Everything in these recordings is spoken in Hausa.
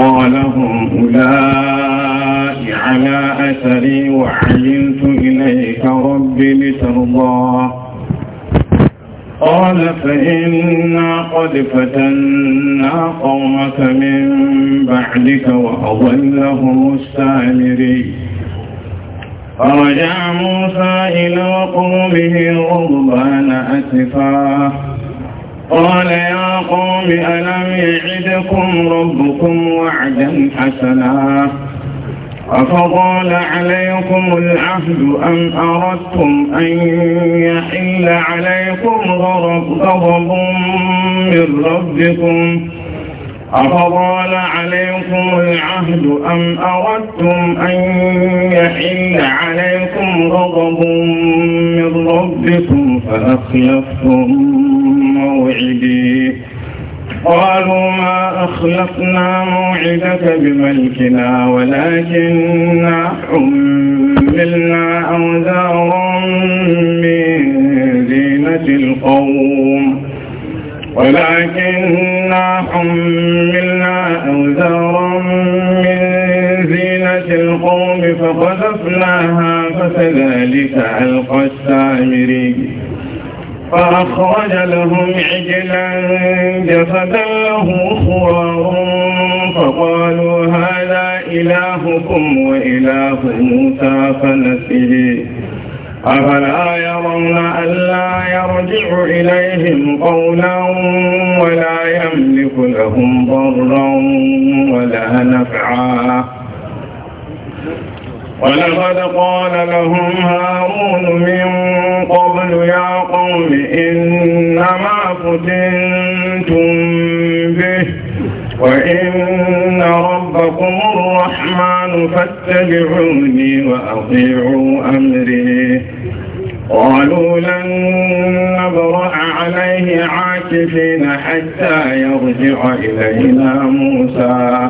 هم أولئك على أثري وعلمت إليك رب لترضى قال فإنا قد فتنا قومك من بعدك وأضلهم السامري فرجع موسى إلى قومه غضبان أسفاه قال يا قوم ألم يعدكم ربكم وعدا حسنا أفضال عليكم العهد أم أردتم أن يحل عليكم غضب, غضب من ربكم أفضال عليكم العهد أم أردتم أن يحل عليكم غضب من ربكم فأخلفتم موعدي قالوا ما أخلقنا موعدك بملكنا ولكننا حملنا أوزارا من زينة القوم ولكننا حملنا أوزارا من زينة القوم فقذفناها فكذلك ألقى السامري فأخرج لهم عجلا جسدا له خوار فقالوا هذا إلهكم وإله موسى فنسيه أفلا يرون ألا يرجع إليهم قولا ولا يملك لهم ضرا ولا نفعا ولقد قال لهم هارون من قبل يا قوم إنما فتنتم به وإن ربكم الرحمن فاتبعوني وأطيعوا أمري قالوا لن نبرأ عليه عاكفين حتى يرجع إلينا موسى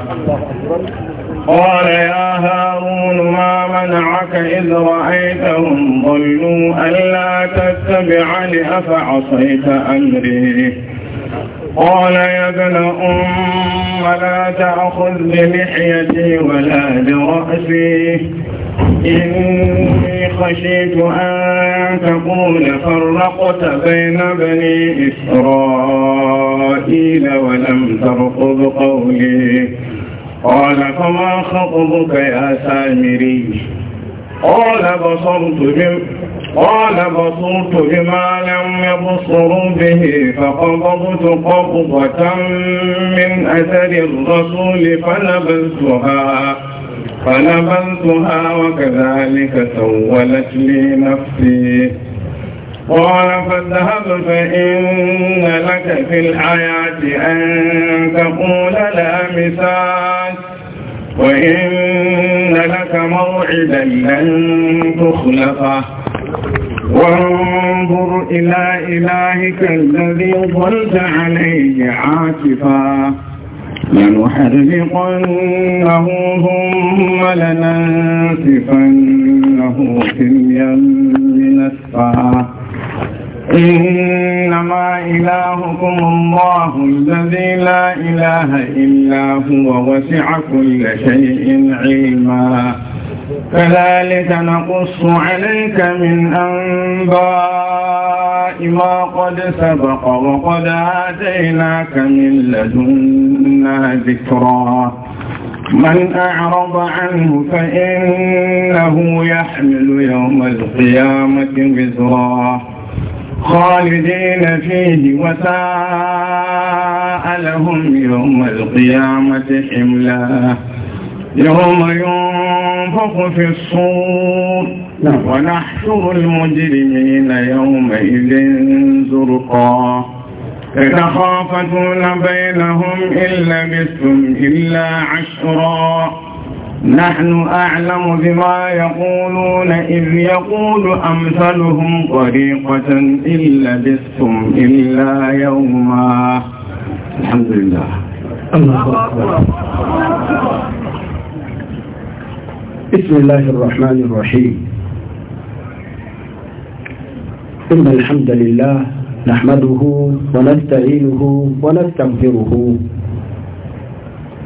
قال يا هارون ما منعك إذ رأيتهم ضلوا ألا تتبعني أفعصيت أمري قال يا ابن أم لا تأخذ بلحيتي ولا برأسي إني خشيت أن تقول فرقت بين بني إسرائيل ولم ترقب قولي قال فما خطبك يا سامري قال بصرت بم قال بصرت بما لم يبصروا به فقبضت قبضة من أثر الرسول فنبذتها فنبذتها وكذلك سولت لي نفسي قال فاذهب فإن لك في الحياة أن تقول لا مساس وإن لك موعدا لن تخلفه وانظر إلى إلهك الذي ظلت عليه عاكفا لنحرقنه ثم لننسفنه في اليم نسفا إنما إلهكم الله الذي لا إله إلا هو وسع كل شيء علما كذلك نقص عليك من أنباء ما قد سبق وقد آتيناك من لدنا ذكرا من أعرض عنه فإنه يحمل يوم القيامة وزرا خالدين فيه وساء لهم يوم القيامة حملا يوم ينفق في الصور نعم. ونحشر المجرمين يومئذ زرقا يتخافتون بينهم إن لبثتم إلا عشرا نحن أعلم بما يقولون إذ يقول أمثلهم طريقة إن لبثتم إلا يوما الحمد لله الله أكبر بسم الله الرحمن الرحيم إن الحمد لله نحمده ونستعينه ونستغفره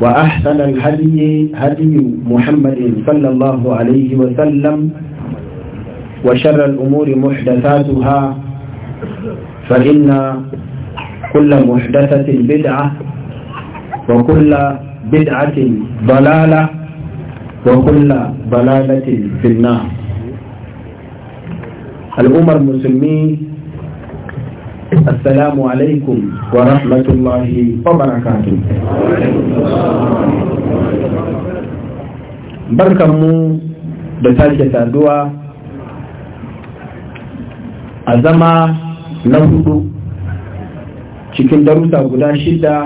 وأحسن الهدي هدي محمد صلى الله عليه وسلم وشر الأمور محدثاتها فإن كل محدثة بدعة وكل بدعة ضلالة وكل ضلالة في النار الأمر المسلمين السلام عليكم ورحمة الله وبركاته barkanmu da sake saduwa a zama na hudu cikin darussa guda shida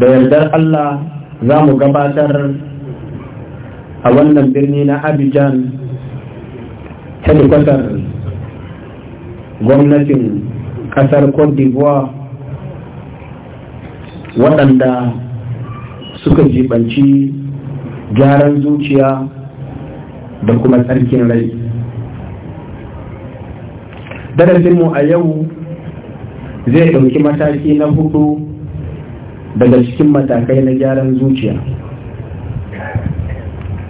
da yardar Allah za mu gabatar a wannan birni na Abidjan helikwatar gwamnatin kasar cote d'ivoire waɗanda suka jibanci gyaran zuciya da kuma tsarkin rai darasinmu a yau zai ɗauki mataki na hudu daga cikin matakai na gyaran zuciya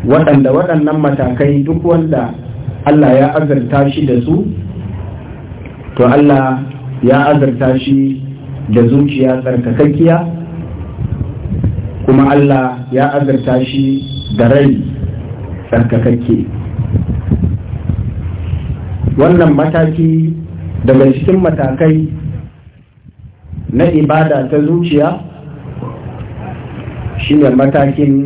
waɗanda waɗannan matakai duk wanda allah ya azarta shi da su to Allah ya azarta shi da zuciya tsarkakakkiya kuma Allah ya azarta shi da rai tsarkakakke wannan mataki daga cikin matakai na ibada ta zuciya shi ne matakin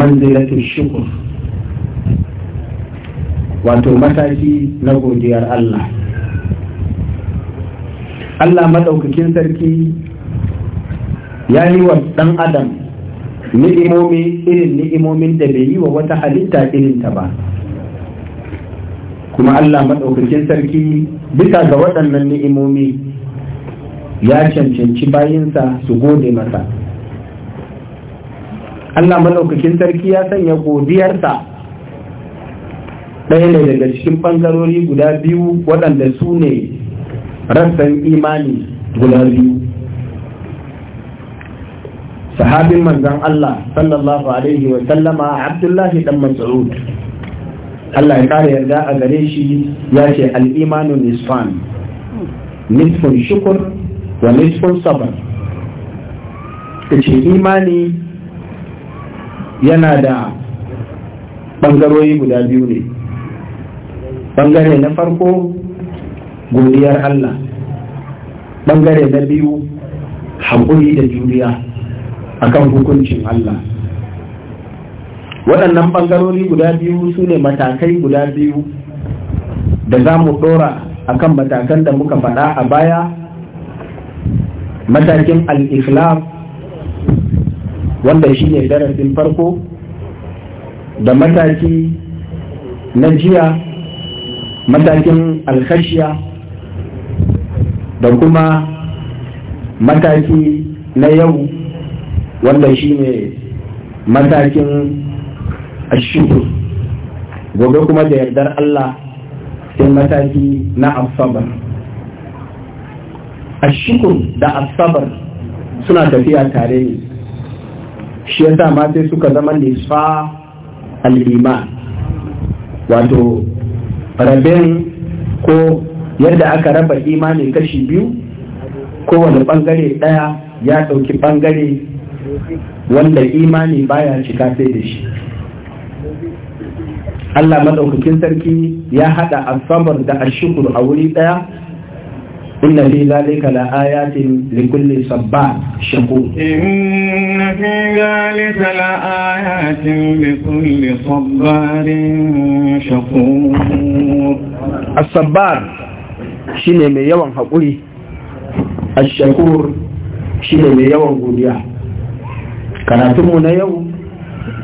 manzilatin shukur wato mataki na godiyar Allah Allah madaukakin sarki ya yi wa ɗan adam ni'imomi irin ni'imomin da bai yi wa wata halitta irin ta ba kuma Allah madaukakin sarki bisa ga waɗannan ni'imomi ya cancanci bayinsa su gode masa Allah madaukakin sarki ya sanya godiyarsa ɗaya ne daga cikin ɓangarori guda biyu waɗanda su ne rassan imani guda biyu sahabin manzan Allah sallallahu alaihi wa sallama Abdullahi dan Mas'ud Allah ya kare yarda a gare shi ya ce al-imanu nisfan nisfun shukur wa nisfun sabar kace imani yana da bangarori guda biyu ne bangare na farko godiyar Allah bangare na biyu haƙuri da juriya akan hukuncin Allah waɗannan ɓangarori guda biyu su ne matakai guda biyu da za mu ɗora akan matakan da muka faɗa a baya matakin al wanda shi ne darasin farko da mataki na jiya matakin alkashiya Da kuma mataki na yau wanda shi ne matakin ashiru gobe kuma da yardar Allah sai mataki na asabar ashukur da asabar suna tafiya tare ne shi yasa ma sai suka zama nisfa al-iman wato rabin ko yadda aka raba imanin kashi biyu kowane bangare daya ya dauki bangare wanda imani baya cika sai da shi Allah madaukakin sarki ya hada asabar da ashukur a wuri daya inna fi zalika la ayatin li kulli sabbar shakur inna fi zalika la ayatin li kulli sabbarin shakur as-sabbar shine mai yawan haƙuri ashakur shine mai yawan godiya karatunmu na yau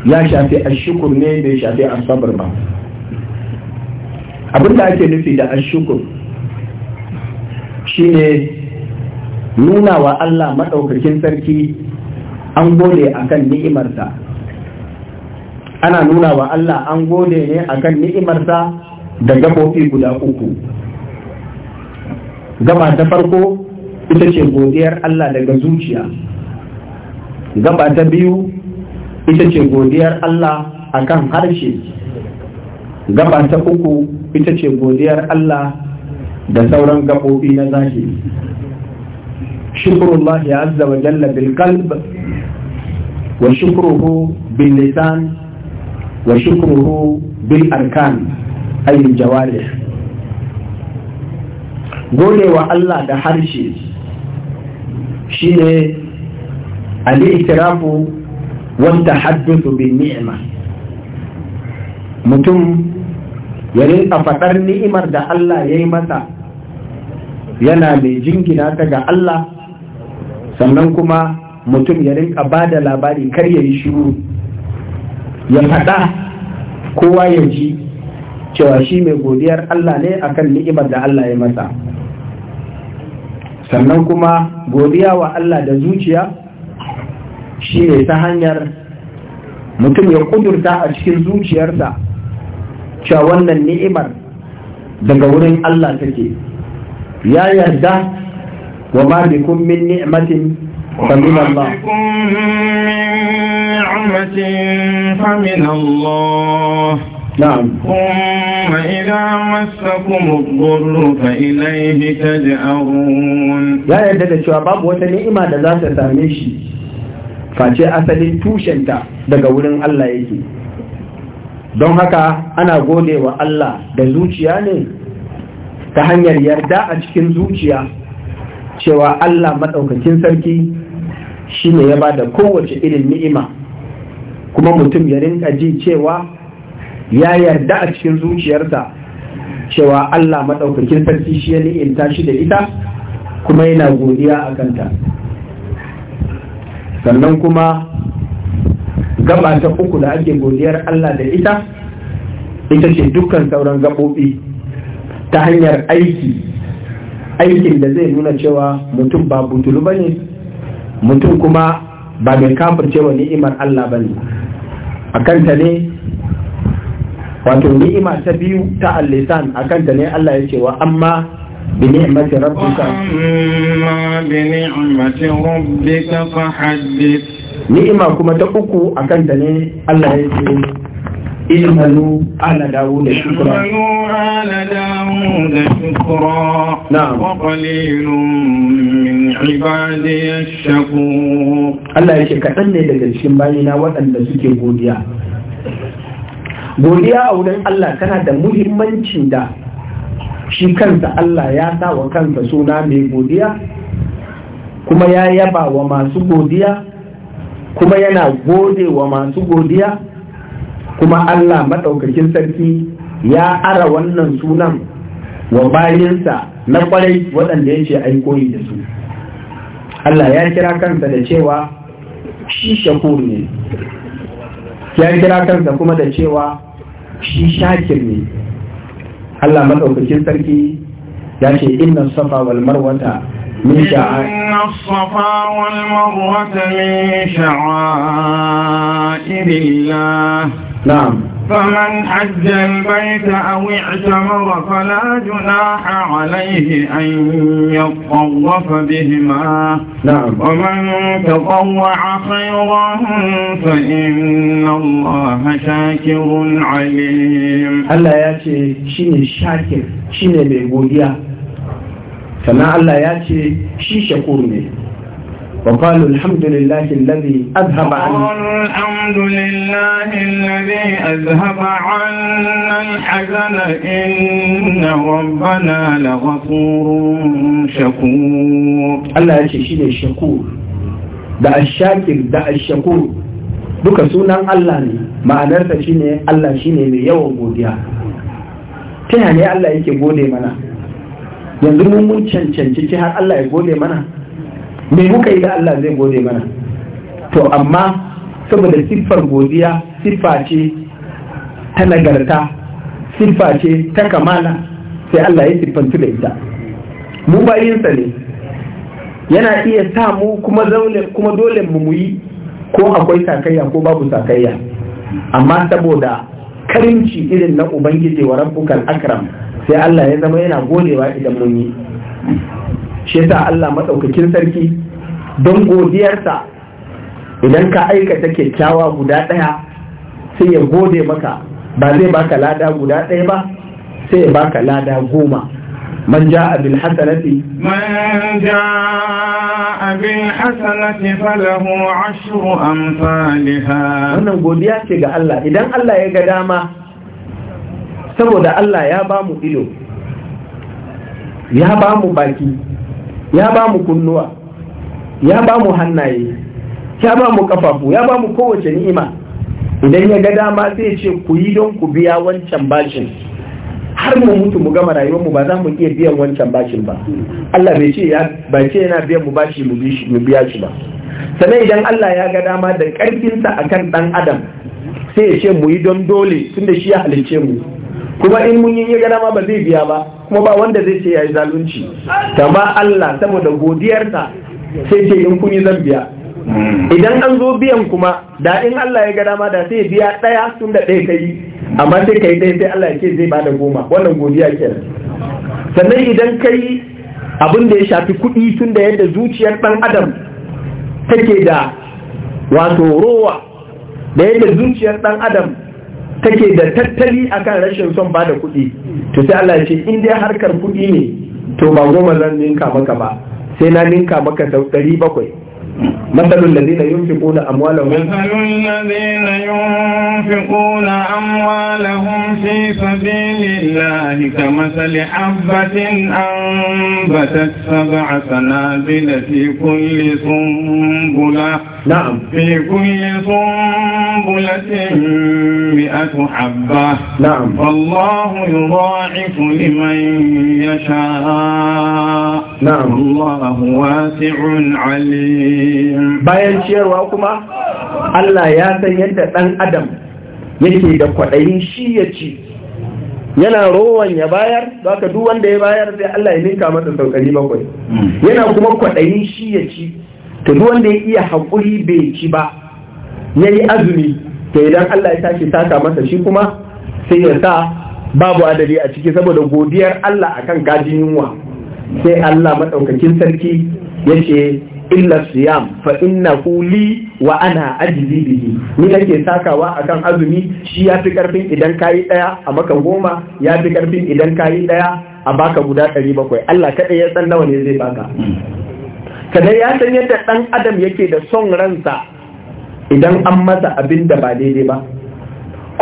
ya shafi ashukur ne bai shafi asabar ba abinda ake nufi da ashukur shine nuna wa Allah maɗaukakin sarki an gode a kan ni'imarsa ana nuna wa Allah an gode ne a kan ni'imarsa da gabofi guda uku gaba ta farko ita ce godiyar Allah daga zuciya gaba ta biyu ita ce godiyar Allah a kan harshe gaba ta uku ita ce godiyar Allah da sauran gabobi na zahiri shukrullah ya azza wa jalla bil kalb wa shukruhu bil lisan wa shukruhu bil arkan ay jawarih godewa Allah da harshe shine al-i'tirafu wanda hadduthu bin ni'ima mutum ya rinka faɗar ni'imar da Allah ya yi masa yana mai jingina ta ga Allah sannan kuma mutum ya rinka ba da labari kar ya yi shiru ya faɗa kowa ya ji cewa shi mai godiyar Allah ne akan ni'imar da Allah ya yi masa. sannan kuma godiya wa Allah da zuciya shi ne ta hanyar mutum ya kudurta a cikin zuciyarsa cewa wannan ni'imar daga wurin Allah take ya yarda wa ma bikum min ni'matin نعم ثم إذا مسكم الضر فإليه تجأرون لا يدد شباب وتنئما دلاسة ساميشي face asalin tushenta daga wurin Allah يجي don haka ana gode wa Allah da zuciya ne ta hanyar yarda a cikin zuciya cewa Allah maɗaukakin sarki shi ne ya ba da kowace irin ni'ima kuma mutum ya rinka ji cewa ya yarda a cikin zuciyarsa cewa Allah maɗaukakin sarki shi ya ni'imta shi da ita kuma yana godiya a kanta sannan kuma gaba ta uku da ake godiyar Allah da ita ita ce dukkan sauran gaɓoɓi ta hanyar aiki aikin da zai nuna cewa mutum ba butulu ba ne mutum kuma ba mai kafircewa ni'imar Allah ba ne a kanta ne wato ni'ima ta biyu ta al-lisan akan ta ne Allah ya ce wa amma bi ni'mati rabbika amma bi ni'mati rabbika fa haddith ni'ima kuma ta uku akan ta ne Allah ya ce ilmanu ala dawud shukra ilmanu ala dawud shukra na'am wa qalilun min ibadi yashkur Allah ya ce kadan ne daga cikin bayina waɗanda suke godiya godiya a wurin Allah tana da muhimmanci da shi kansa Allah ya sa wa kansa suna mai godiya kuma ya yaba wa masu godiya kuma yana gode wa masu godiya kuma Allah maɗaukakin sarki ya ara wannan sunan wa bayansa na kwarai waɗanda ya ce a koyi da su Allah ya kira kansa da cewa shi shakuru ne ya kira kansa kuma da cewa shi shakir ne Allah madaukakin sarki ya ce inna safa wal marwata من شعائر الصفا فمن حج البيت أو اعتمر فلا جناح عليه أن يطوف بهما نعم. ومن تطوع خيرا فإن الله شاكر عليم الله يأتي شيني شاكر شيني بيقوديا sannan Allah ya ce shi shakur ne وقالوا الحمد لله الذي أذهب عنا الحمد لله الذي أذهب عنا الحزن إن ربنا لغفور شكور الله يشيشين الشكور da الشاكر da الشكور duka sunan Allah ne ma'anarsa ne Allah ne mai yawan godiya ta ne Allah yake gode mana yanzu mun cancanci har Allah ya gode mana me muka yi da Allah zai gode mana to amma saboda siffar godiya siffa ce ta nagarta siffa ce ta kamala sai Allah ya siffantu da ita mu bayinsa ne yana iya sa mu kuma zaune kuma dole mu muyi ko akwai sakayya ko babu sakayya amma saboda karinci irin na ubangiji wa rabbukal akram sai Allah ya zama yana godewa idan mun yi shi yasa Allah madaukakin sarki don godiyarsa idan ka aikata kyakkyawa guda ɗaya sai ya gode maka ba zai baka lada guda ɗaya ba sai ya baka lada goma من جاء بالحسنة من جاء بالحسنة فله عشر أمثالها wannan godiya ce ga Allah idan Allah ya ga dama saboda Allah ya ba mu ido ya ba mu baki ya ba mu kunnuwa ya ba mu hannaye ya ba mu kafafu ya ba mu kowace ni'ima idan ya ga dama zai ce ku yi don ku biya wancan bashin har mu mutu mu gama rayuwar mu ba za mu iya biyan wancan bashin ba Allah bai ce ya ba ce yana biyan mu bashi mu biya shi ba sannan idan Allah ya ga dama da karfin akan dan adam sai ya ce mu yi don dole tunda shi ya halice mu kuma in mun yi ya ma ba zai biya ba kuma ba wanda zai ce ya yi zalunci Kama Allah saboda godiyarta sai ce in kun yi zan biya idan an zo biyan kuma da in Allah ya ga dama da sai biya daya tun da ɗaya kai amma sai kai ɗaya sai Allah ya ce zai bada goma wannan godiya kenan sannan idan kai abin da ya shafi kuɗi tun da yadda zuciyar ɗan adam take da wato rowa da yadda zuciyar ɗan adam take da tattali akan rashin son bada kuɗi to sai Allah ya ce in dai harkar kuɗi ne to ba goma zan ninka maka ba sai na ninka maka sau ɗari bakwai مثل الذين ينفقون أموالهم مثل الذين ينفقون أموالهم في سبيل الله كمثل حبة أنبتت سبع سنابل في كل سنبلة نعم في كل سنبلة مئة حبة نعم والله يضاعف لمن يشاء نعم الله واسع عليم bayan ciyarwa kuma Allah ya san yadda ɗan adam yake da kwaɗayin shi ya ci yana rowan ya bayar ba ka wanda ya bayar sai Allah ya ninka masa saukari bakwai yana kuma kwaɗayin shi ya ci Ta wanda ya iya haƙuri bai ci ba ya yi azumi to idan Allah ya tashi taka masa shi kuma sai ya sa babu adadi a ciki saboda godiyar Allah akan kajin yunwa sai Allah maɗaukakin sarki ya ce illa siyam fa Kuli li wa ana ajzi bihi ni nake sakawa akan azumi shi ya fi karfin idan kayi daya a maka goma ya fi karfin idan kayi daya a baka guda 700 Allah kada ya san nawa ne zai baka kada ya san yadda dan adam yake da son ransa idan an masa abin da ba daidai ba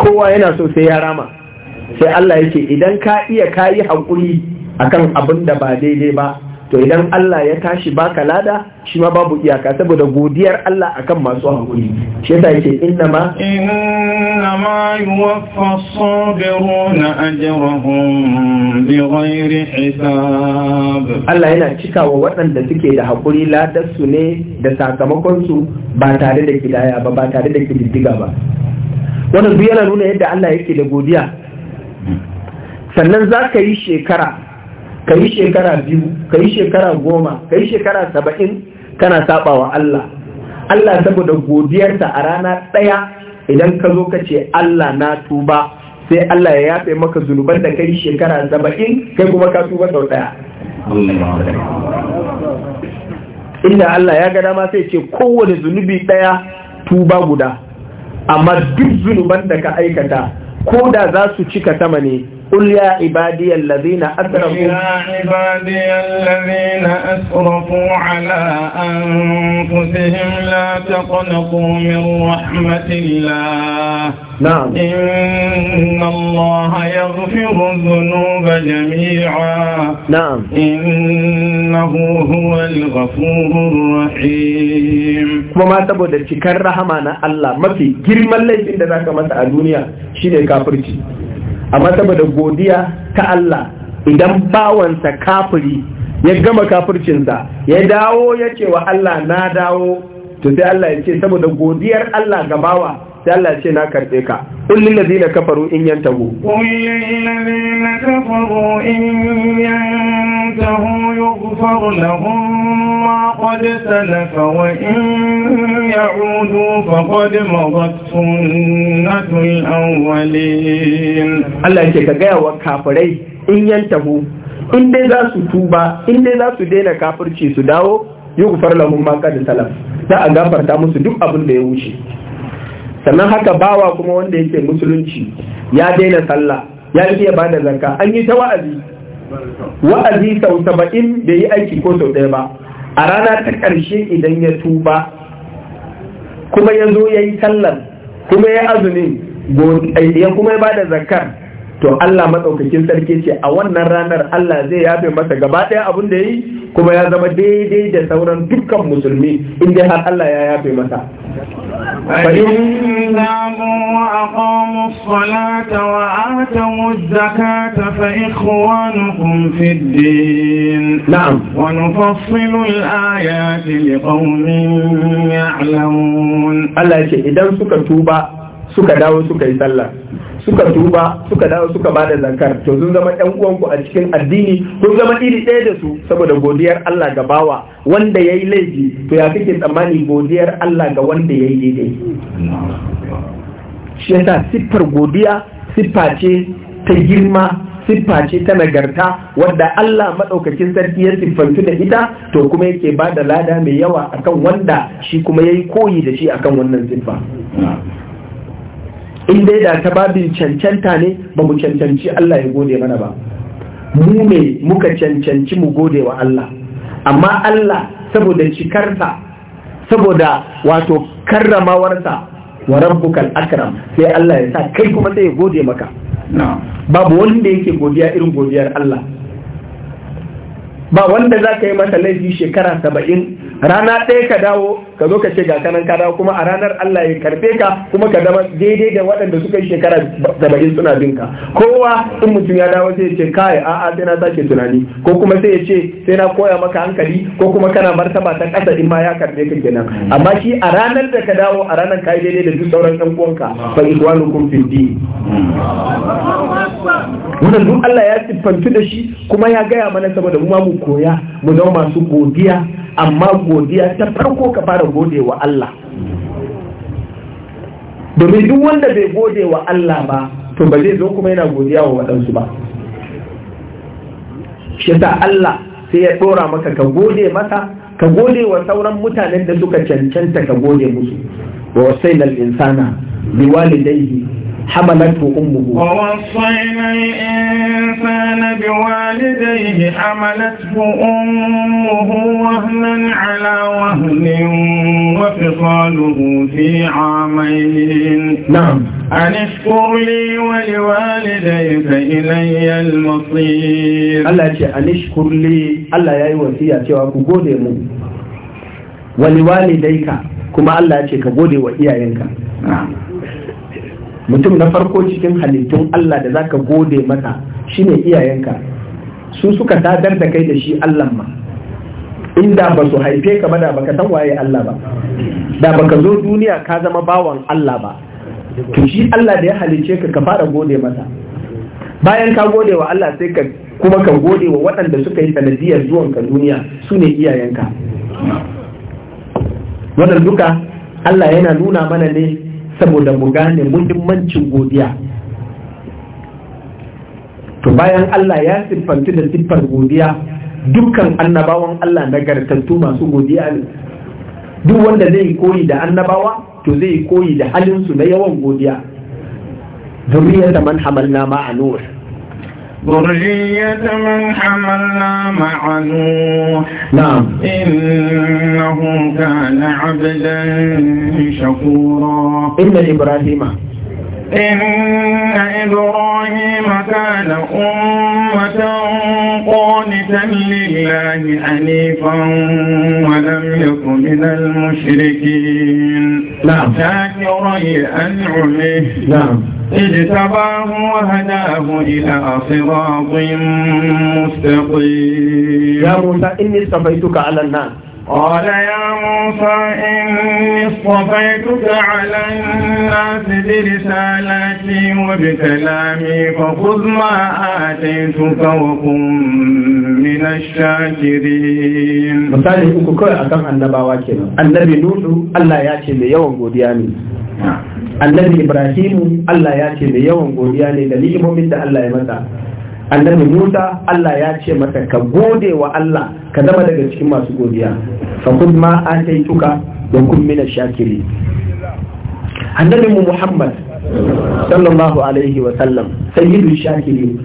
kowa yana so sai ya rama sai Allah yake idan ka iya kayi hakuri akan abin da ba daidai ba to idan Allah ya tashi baka lada shi ma babu iyaka saboda godiyar Allah akan masu hankuli shi yasa yake inna ma inna ma yuwaffa sabiruna ajrahum ghairi hisab Allah yana cikawa waɗanda suke da hakuri ladar su ne da sakamakon su ba tare da kidaya ba ba tare da kididdiga ba wannan duk yana nuna yadda Allah yake da godiya sannan zaka yi shekara ka yi shekara biyu ka yi shekara goma ka yi shekara saba'in kana saba wa Allah Allah saboda godiyarta a rana ɗaya idan ka zo ka ce Allah na tuba sai Allah ya yafe maka zunuban da ka yi shekara saba'in kai kuma ka tuba sau ɗaya inda Allah ya ga dama sai ce kowane zunubi ɗaya tuba guda amma duk zunuban da ka aikata ko da za su cika sama ne قل يا عبادي الذين أسرفوا يا عبادي الذين أسرفوا على أنفسهم لا تقنطوا من رحمة الله نعم إن الله يغفر الذنوب جميعا نعم إنه هو الغفور الرحيم وما تبو da cikar rahama na Allah mafi girman laifin da zaka masa a duniya shine kafirci amma saboda godiya ta Allah idan bawansa kafiri ya gama kafircinsa ya dawo ya ce wa Allah na dawo to sai Allah ya ce saboda godiyar Allah ga bawa sai Allah ce na karbe ka kullin ladina kafaru in yantahu kullin ladina kafaru in yantahu yughfar lahum ma qad salafa wa in ya'udu faqad madat sunnatul awwalin Allah yake ka ga wa kafirai in yantahu in dai za su tuba in dai za su daina kafirci su dawo yughfar lahum ma qad salafa za a gafarta musu duk abin da ya wuce sannan haka bawa kuma wanda yake musulunci ya daina sallah ya iya ba da zakka an yi ta wa'azi wa'azi sau saba'in da yi aiki ko sau ɗaya ba a rana ta ƙarshe idan ya tuba kuma ya zo ya yi sallar kuma ya azumin ya kuma ya ba da zakkar to Allah matsaukakin sarki ce a wannan ranar Allah zai yafe masa gaba ɗaya abin da yi kuma ya zama daidai da sauran dukkan musulmi inda har Allah ya yafe masa فإن دعموا وأقاموا الصلاة وآتوا الزكاة فإخوانكم في الدين نعم ونفصل الآيات لقوم يعلمون الله يقول إذا سكتوا سكتوا سكتوا suka tuba suka dawo suka ba da zankar to sun zama ɗan uwanku a cikin addini kun zama iri ɗaya da su saboda godiyar Allah ga bawa wanda ya yi laifi to ya kake tsammani godiyar Allah ga wanda ya yi daidai shi yasa siffar godiya siffa ce ta girma siffa ce ta nagarta wadda Allah maɗaukakin sarki ya siffantu da ita to kuma yake ba da lada mai yawa akan wanda shi kuma yayi koyi da shi akan wannan siffa. in dai da ta babin cancanta ne ba mu cancanci Allah ya gode mana ba mu ne muka cancanci mu gode wa Allah amma Allah saboda cikarsa saboda wato karramawarsa wa rabbukal akram sai Allah ya sa kai kuma sai ya gode maka babu wanda yake godiya irin godiyar Allah ba wanda za ka yi masa laifi shekara saba'in rana ɗaya ka dawo ka zo ka ce ga kanan ka dawo kuma a ranar Allah ya karfe ka kuma ka zama daidai da waɗanda suka yi shekara saba'in suna bin ka kowa in mutum ya dawo sai ya ce kai a'a sai na sake tunani ko kuma sai ya ce sai na koya maka hankali ko kuma kana martaba ta ƙasa in ma ya karfe ka kenan amma shi a ranar da ka dawo a ranar ka yi daidai da duk sauran ɗan uwanka fa ikwanukum fil din wannan duk Allah ya siffantu da shi kuma ya gaya mana saboda mu ma mu koya mu zama masu godiya amma godiya ta farko ka fara gode wa Allah domin duk wanda bai gode wa Allah ba to ba zai zo kuma yana godiya wa waɗansu ba shi ta Allah sai ya ɗora maka ka gode masa ka gode wa sauran mutanen da suka cancanta ka gode musu wa wasailal insana biwalidaihi حملته أمه ووصينا الإنسان بوالديه حملته أمه وهنا على وهن وفصاله في عامين نعم أن اشكر لي ولوالديك إلي المصير ألا يقول أن اشكر لي ألا يا وسيئة وكبولي مو ولوالديك كما الله يقول كبولي وإياينك نعم mutum na farko cikin halittun Allah da zaka gode mata shine iyayenka su suka sadar da kai da shi Allah ma inda ba su haife ka ba da baka san waye Allah ba da baka zo duniya ka zama bawan Allah ba to shi Allah da ya halice ka ka fara gode mata. bayan ka gode wa Allah sai ka kuma ka gode wa waɗanda suka yi sanadiyar zuwan ka duniya su ne iyayenka wannan duka Allah yana nuna mana ne saboda mu gane muhimmancin godiya to bayan Allah ya siffanci da siffar godiya dukkan annabawan Allah nagartattu masu godiya ne duk wanda zai koyi da annabawa to zai koyi da halinsu na yawan godiya zuriyar da man hamalna ma'a ذرية من حملنا مع نوح نعم إنه كان عبدا شكورا إن إبراهيم إن إبراهيم كان أمة قانتا لله حنيفا ولم يك من المشركين نعم شاكرا لأنعمه نعم اجتباه وهداه إلى صراط مستقيم يا موسى إني سميتك على الناس قال يا موسى إني اصطفيتك على الناس برسالاتي وبكلامي فخذ ما آتيتك وكن من الشاكرين misali uku kawai akan annabawa kenan annabi nuhu Allah ya ce mai yawan godiya ne annabi ibrahimu Allah ya ce mai yawan godiya ne da ni'imomin da Allah ya masa annabi Musa Allah ya ce masa ka gode wa Allah ka zama daga cikin masu godiya fa kun ma tuka don kun mina shakiri annabi mu Muhammad sallallahu alaihi wa sallam sayyidu shakiri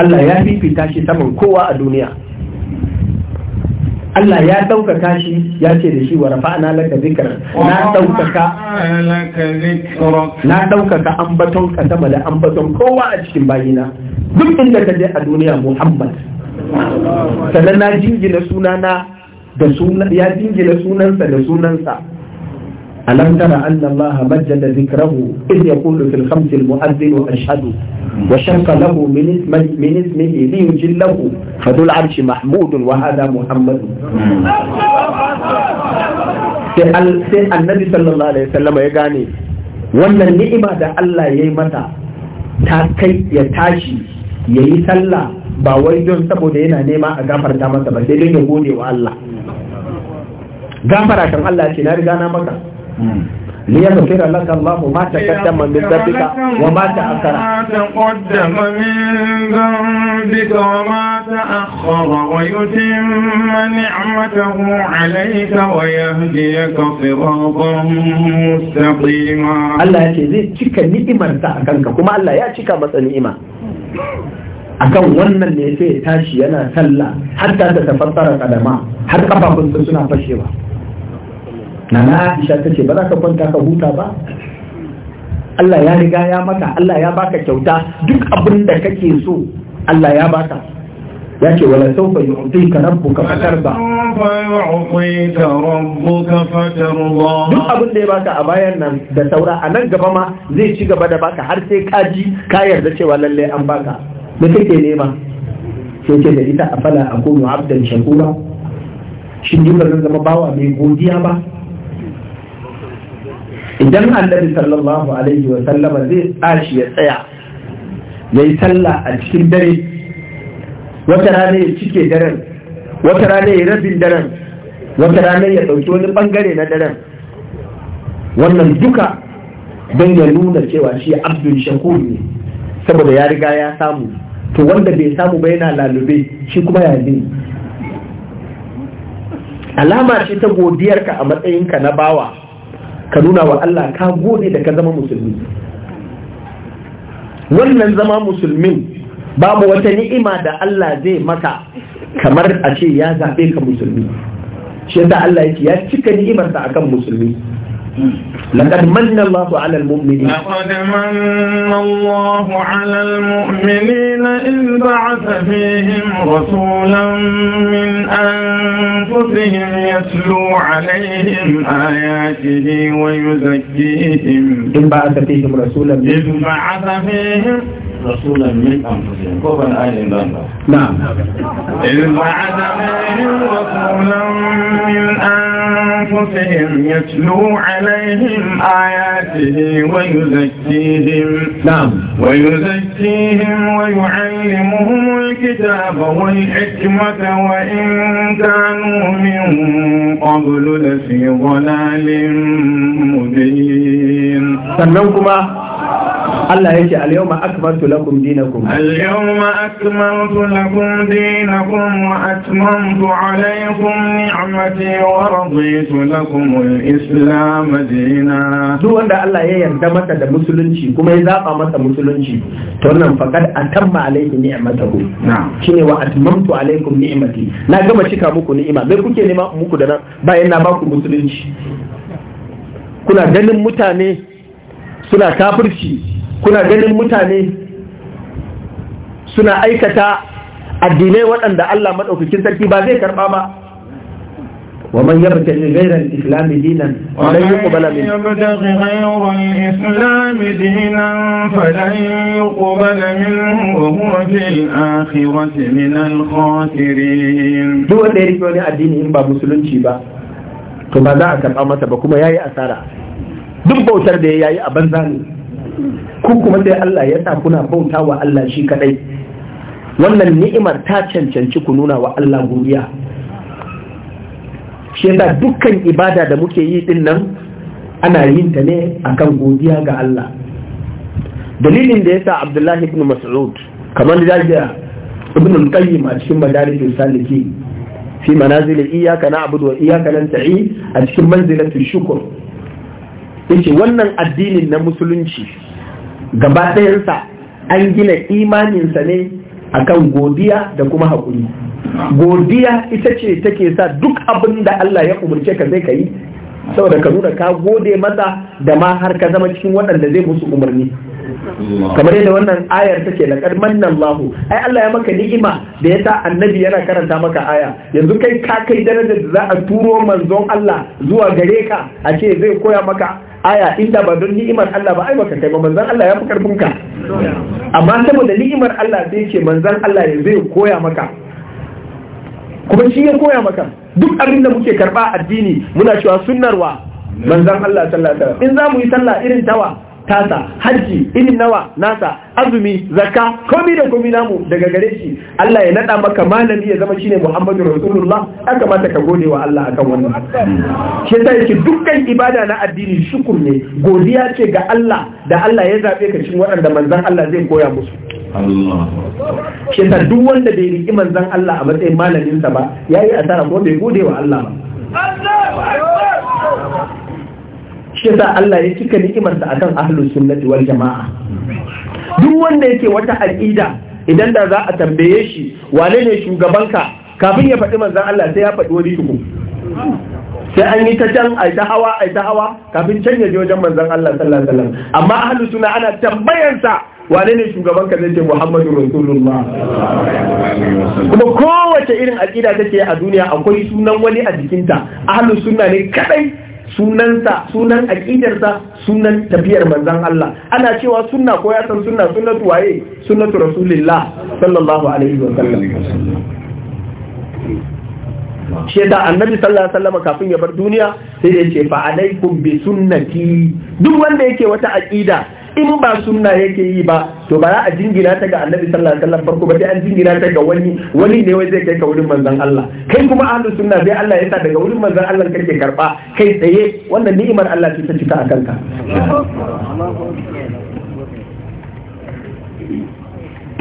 Allah ya fifita shi saman kowa a duniya Allah ya ɗaukaka shi ya ce da shi wa rafa'ana laka zikra na ɗaukaka na ɗaukaka ambaton ka sama da ambaton kowa a cikin bayina duk inda ka je a duniya Muhammad sannan na jingina sunana da sunan ya jingina sunansa da sunansa ألم ترى أن الله مجد ذكره إذ يقول في الخمس المؤذن أشهد وشق له من اسمه, من اسمه ليجله فذو العرش محمود وهذا محمد sai annabi sallallahu alaihi wasallam ya gane wannan ni'ima da Allah ya yi mata ta kai ya tashi ya yi sallah ba wai don saboda yana nema a gafarta masa ba sai don ya gode wa Allah gafara kan Allah ce na riga na maka ليغفر لك الله ما تقدم من ذنبك وما تأخر ما تقدم من ذنبك وما تأخر ويتم نعمته عليك ويهديك صراطا مستقيما الله يأتي ذي تلك النعمة تأكنك كما الله يأتيك مثل نعمة akan wannan ne sai tashi yana sallah har ta tafassara kadama har kafafunsa suna fashewa na na aisha ta ce ba za ka kwanta ka huta ba Allah ya riga ya maka Allah ya baka kyauta duk abin da kake so Allah ya baka ya ce wala saufa ka fatar ba. duk abin da ya baka a bayan nan da saura a nan gaba ma zai ci gaba da baka har sai kaji ka yarda cewa lalle an baka me kake nema sai ce da ita a a akunu abdan shakura shin dole zan zama bawa mai godiya ba idan annabi sallallahu alaihi wa sallama zai tashi ya tsaya ya yi sallah a cikin dare wata rana ya cike daren wata rana ya rabin daren wata rana ya ɗauki wani ɓangare na daren wannan duka don ya nuna cewa shi abdul shakur ne saboda ya riga ya samu to wanda bai samu ba yana lalube shi kuma ya ne alama ce ta godiyarka a matsayinka na bawa ka nuna wa Allah ka gode da ka zama musulmi wannan zama musulmin babu wata ni'ima da Allah zai maka kamar a ce ya zaɓe ka musulmi shi yasa Allah ya ce ya cika ni'imarsa akan musulmi لقد من الله على المؤمنين لقد من الله على المؤمنين إذ بعث فيهم رسولا من أنفسهم يتلو عليهم آياته ويزكيهم إذ بعث فيهم رسولا إذ بعث فيهم رسولا من أنفسهم كفن آل إمدان نعم إذ بعث رسولا من أنفسهم يتلو عليهم آياته ويزكيهم نعم ويزكيهم ويعلمهم الكتاب والحكمة وإن كانوا من قبل لفي ظلال مبين سنوكما Allah yake al-yawma akmaltu lakum dinakum al-yawma akmaltu lakum dinakum wa atmamtu alaykum ni'mati wa raditu lakum al-islam dinan duk wanda Allah ya yarda masa da musulunci kuma ya zaba masa musulunci to wannan faqad atamma alaykum ni'matahu shine wa atmamtu alaykum ni'mati na gama cika muku ni'ima me kuke nema muku da nan bayan na baku musulunci kuna ganin mutane suna kafirci kuna ganin mutane suna aikata addinai waɗanda Allah maɗaukakin sarki ba zai karɓa ba ومن يبتغي غير الإسلام دينا فلن يقبل منه يبتغي غير الإسلام دينا فلن يقبل منه وهو في الآخرة من الخاسرين دو أن ba أن الدين إن باب مسلم شيبا ثم ذاك الأمة بكما يأي أسارة دو بوتر a banza ne. kun kuma sai Allah ya sa kuna bauta wa Allah shi kadai wannan ni'imar ta cancanci ku nuna wa Allah godiya shi yasa dukkan ibada da muke yi din nan ana yin ta ne akan godiya ga Allah dalilin da yasa Abdullahi ibn Mas'ud kamar da ibn al-Qayyim a cikin madarijus saliki fi manazil iyyaka na'budu wa iyyaka nasta'in a cikin manzilatul shukr yace wannan addinin na musulunci gaba ɗayansa an gina imaninsa ne a kan godiya da kuma haƙuri godiya ita ce take sa duk abin da Allah ya umarce ka zai ka yi saboda ka nuna ka gode masa da ma har ka zama cikin waɗanda zai musu umarni kamar yadda wannan ayar take karman nan lahu ai Allah ya maka ni'ima da ya sa annabi yana karanta maka aya yanzu kai ka kai darajar da za a turo manzon Allah zuwa gare ka a ce zai koya maka aya inda ba don ni'imar Allah ba ai baka kai ba manzon Allah ya fi karfin ka amma saboda ni'imar Allah sai ce manzon Allah ya zai koya maka kuma shi ya koya maka duk abin da muke karba addini muna cewa sunnarwa wa manzon Allah sallallahu alaihi wasallam in za mu yi sallah irin tawa tasa hajji irin nawa nasa azumi zakka komi da komi namu daga gare shi Allah ya nada maka malami ya zama shine Muhammadu Rasulullah aka mata ka gode wa Allah akan wannan shi yasa yake dukkan ibada na addini shukur ne godiya ce ga Allah da Allah ya zabe ka cikin waɗanda manzon Allah zai koya musu shi duk wanda bai riki manzon Allah a matsayin malamin sa ba yayi asara ko bai gode wa Allah ba shi yasa Allah ya cika ni'imarsa akan ahlu sunnati wal jama'a duk wanda yake wata al'ida idan da za a tambaye shi wane ne shugabanka kafin ya faɗi manzan Allah sai ya faɗi wani tuku sai an yi ta can ai ta hawa ai ta hawa kafin can ya je wajen manzan Allah sallallahu alaihi wasallam amma ahlu sunna ana tambayarsa, wane ne shugabanka zai ce Muhammadu Rasulullah kuma kowace irin al'ida take a duniya akwai sunan wani a jikinta ahlu sunna ne kadai sunansa sunan aqidarsa sunan tafiyar manzon Allah ana cewa sunna ko ya san sunna sunnatu waye sunnatu rasulillah sallallahu alaihi wa sallam shi da annabi sallallahu alaihi wasallam kafin ya bar duniya sai dai ce fa alaikum bi sunnati duk wanda yake wata aqida in ba sunna yake yi ba to ba za a jingina ta ga annabi sallallahu alaihi wasallam farko ba sai an jingina ta ga wani wani ne wai zai kai ka wurin manzon Allah kai kuma ahlus sunna sai Allah ya sa daga wurin manzon Allah kake karba kai tsaye wannan ni'imar Allah ce ta cika a kanka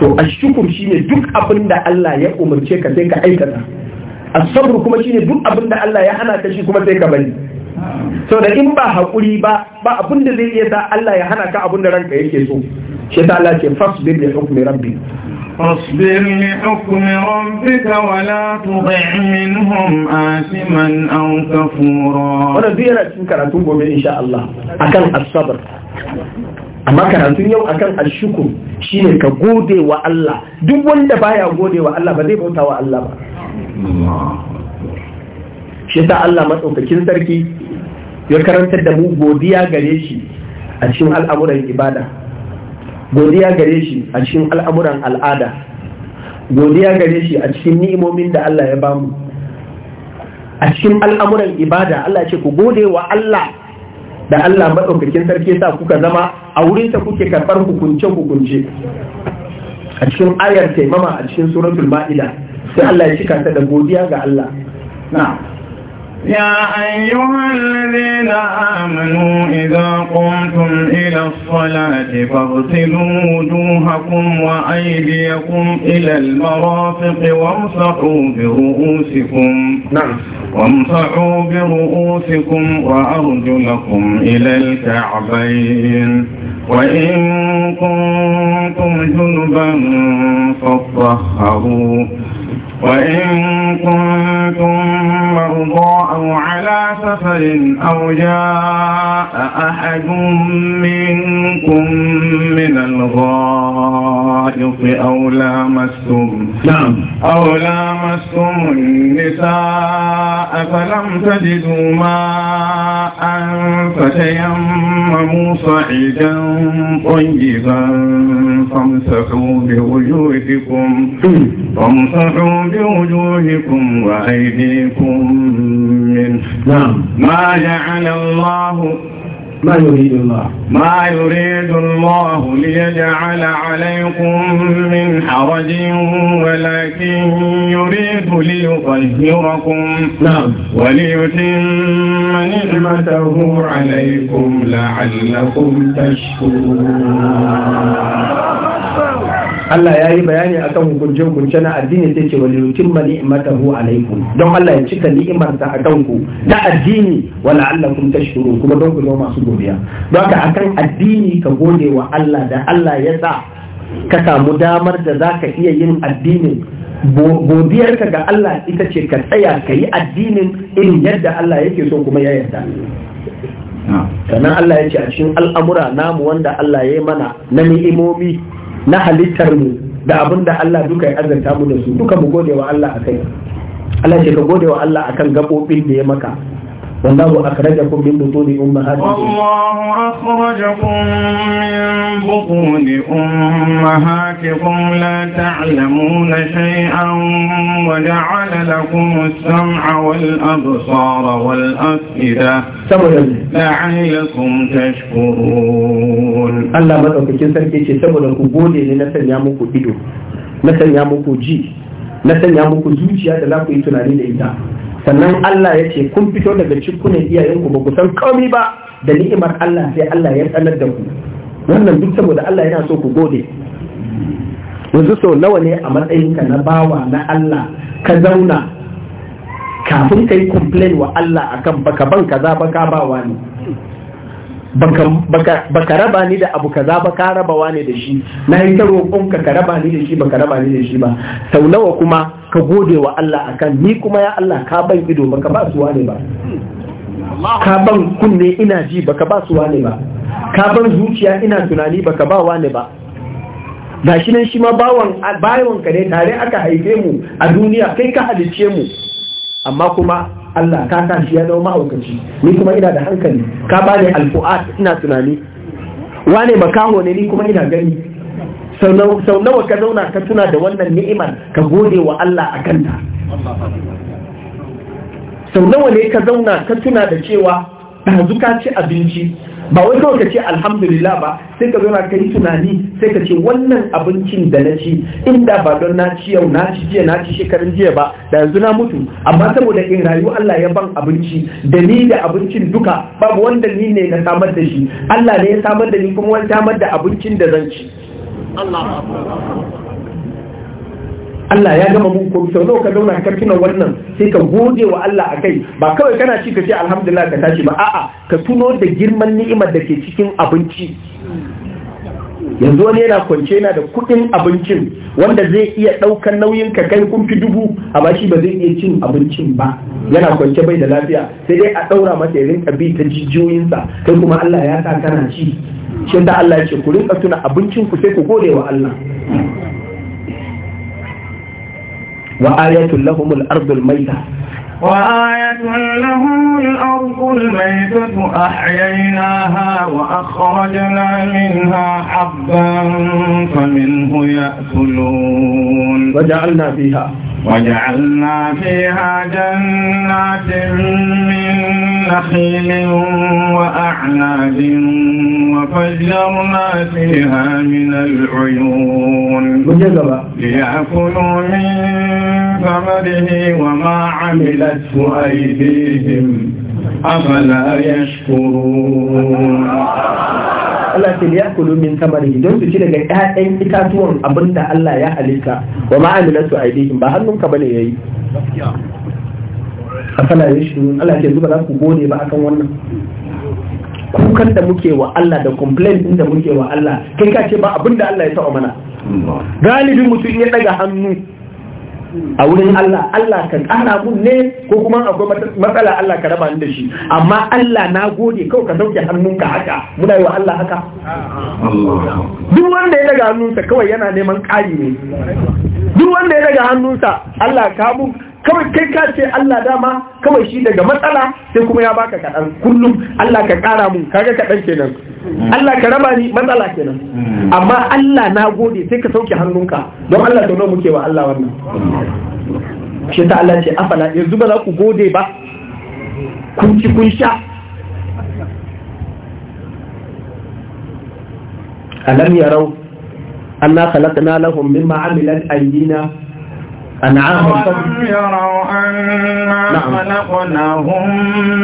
to ashkur shine duk abin da Allah ya umarce ka sai ka aikata asabru kuma shine duk abin da Allah ya hana ka shi kuma sai ka bari Sau da in ba haƙuri ba ba abin da zai iya sa Allah ya hana ka abin da ranka yake so shi ta Allah ce bin li hukumi rabbi فاصبر لحكم ربك ولا تطع منهم آثما أو كفورا وانا دي أنا أتذكر أتوب إن شاء الله أكل الصبر amma karatun yau akan shi shine ka gode wa Allah duk wanda baya gode wa Allah ba zai bauta wa Allah ba shi sa Allah matsaukakin sarki ya karantar da mu godiya gare shi a cikin al'amuran ibada godiya gare shi a cikin al'amuran al'ada godiya gare shi a cikin ni'imomin da Allah ya bamu a cikin al'amuran ibada Allah ce ku gode wa Allah da Allah matsaukakin sarki sa kuka zama a wurin ta kuke karɓar hukunce-hukunce a cikin ayar taimama a cikin suratul ma'ida sai Allah ya cika ta da godiya ga Allah na'am يا أيها الذين آمنوا إذا قمتم إلى الصلاة فاغسلوا وجوهكم وأيديكم إلى المرافق وامسحوا برؤوسكم نعم وامسحوا برؤوسكم وأرجلكم إلى الكعبين وإن كنتم جنبا فاطهروا وإن كنتم مرضى أو على سفر أو جاء أحد منكم من الغائط أو لامستم نعم. أو لامستم النساء فلم تجدوا ماء فتيمموا صعيدا طيبا فامسحوا بوجوهكم فامسحوا بوجوهكم وأيديكم منه نعم ما جعل الله ما يريد الله ما يريد الله ليجعل عليكم من حرج ولكن يريد ليطهركم نعم وليتم نعمته عليكم لعلكم تشكرون Allah ya yi bayani akan hukunce-hukunce na addini sai ce wani rutin ma ni'imatahu alaikum don Allah ya cika ni'imarta a kanku ta addini wala Allah kun tashkuru kuma don ku zama masu godiya don haka akan addini ka gode wa Allah da Allah ya sa ka samu damar da za ka iya yin addinin godiyar ka ga Allah ita ce ka tsaya ka yi addinin irin yadda Allah yake so kuma ya yarda sannan Allah ya ce a cikin al'amura namu wanda Allah ya yi mana na ni'imomi na halittar mu da abin da Allah duka ya azanta mu da su duka mu gode wa Allah akai Allah ce ka gode wa Allah akan gabobin da ya maka والله أخرجكم من بطون أمهاتكم والله أخرجكم من بطون أمهاتكم لا تعلمون شيئا وجعل لكم السمع والأبصار والأفئدة لعلكم تشكرون الله مدعوك جنسر كيشي سبب لكم بولي لنسل ياموكو إدو نسل ياموكو جي نسل ياموكو زوجيا دلاكو إتناني لإنتا sannan Allah ya ce kun fito daga cikunan iyayenku ba ku san komai ba da ni'imar Allah sai Allah ya tsanar da ku wannan duk saboda Allah yana so ku gode yanzu sau nawa ne a matsayinka na bawa na Allah ka zauna kafin ka yi complain wa Allah akan baka ban kaza baka bawa ne baka raba ni da abu kaza ba ka rabawa ne da shi na yi ta ka ka raba ni da shi baka raba ni da shi ba sau nawa kuma ka gode wa Allah akan ni kuma ya Allah ka ban ido baka ba su wani ba ka ban kunne ina ji baka ba su wani ba ka ban zuciya ina tunani baka ba wani ba shi nan shi ma ka ne tare aka haife mu a duniya kai ka halicce mu amma kuma Allah ka sa shi ya zama ma'aukaci ni kuma ina da hankali ka bani alfu'at ina tunani wane makaho ne ni kuma ina gani sau nawa ka zauna ka tuna da wannan ni'imar ka gode wa Allah a kanta sau nawa ne ka zauna ka tuna da cewa ɗazu ka ci abinci ba wai kawai ka ce alhamdulillah ba sai ka zauna ka tunani sai ka ce wannan abincin da na ci inda ba don na ci yau na ci jiya na ci shekarun jiya ba da yanzu na mutu amma saboda in rayu Allah ya ban abinci da ni da abincin duka babu wanda ni ne na samar da shi Allah ne ya samar da ni kuma wani samar da abincin da zan ci Allah ya gama mun ko sau nawa ka zauna ka tuna wannan sai ka gode wa Allah akai ba kawai kana ci ka ce alhamdulillah ka tashi ba a'a ka tuno da girman ni'imar da ke cikin abinci yanzu wani yana kwance yana da kuɗin abincin wanda zai iya ɗaukar nauyin ka kai kun fi dubu amma shi ba zai iya cin abincin ba yana kwance bai da lafiya sai dai a ɗaura masa ya rinka bi ta jijiyoyinsa kai kuma Allah ya sa kana ci shi da Allah ya ce ku rinka tuna abincin ku sai ku gode wa Allah وآية لهم الأرض الميتة وآية لهم الأرض الميتة أحييناها وأخرجنا منها حبا فمنه يأكلون وجعلنا فيها وجعلنا فيها جنات من نخيل وأعناب وفجرنا فيها من العيون ليأكلوا من ثمره وما عملته أيديهم أفلا يشكرون Allah ce ya kulu min samari don su ci daga ƴaƴan itatuwan abin da Allah ya halitta wa ma su aidihim ba hannunka bane yayi afala yashkurun Allah ce zuba za ku gode ba akan wannan kukan da muke wa Allah da complaint din da muke wa Allah kai ka ce ba abin da Allah ya taɓa mana galibin mutum ya daga hannu a wurin Allah Allah ka ƙara mun ne ko kuma akwai matsala Allah ka raba ni da shi amma Allah na gode kawai ka dauke hannunka haka muna yi wa Allah haka duk wanda ya daga hannunsa kawai yana neman ƙari ne duk wanda ya daga hannunsa Allah ka mu kawai kai ka ce Allah dama kawai shi daga matsala sai kuma ya baka kaɗan kullum Allah ka ƙara mun kaga kaɗan kenan mm. Allah ka raba ni matsala kenan mm. amma Allah na gode sai ka sauke hannunka don Allah tauna muke wa Allah wannan shi ta Allah ce afala yanzu ba za ku gode ba kun ci kun sha alam yarau anna khalaqna lahum mimma amilat aydina أنعام أولم يروا أنا نعم. خلقناهم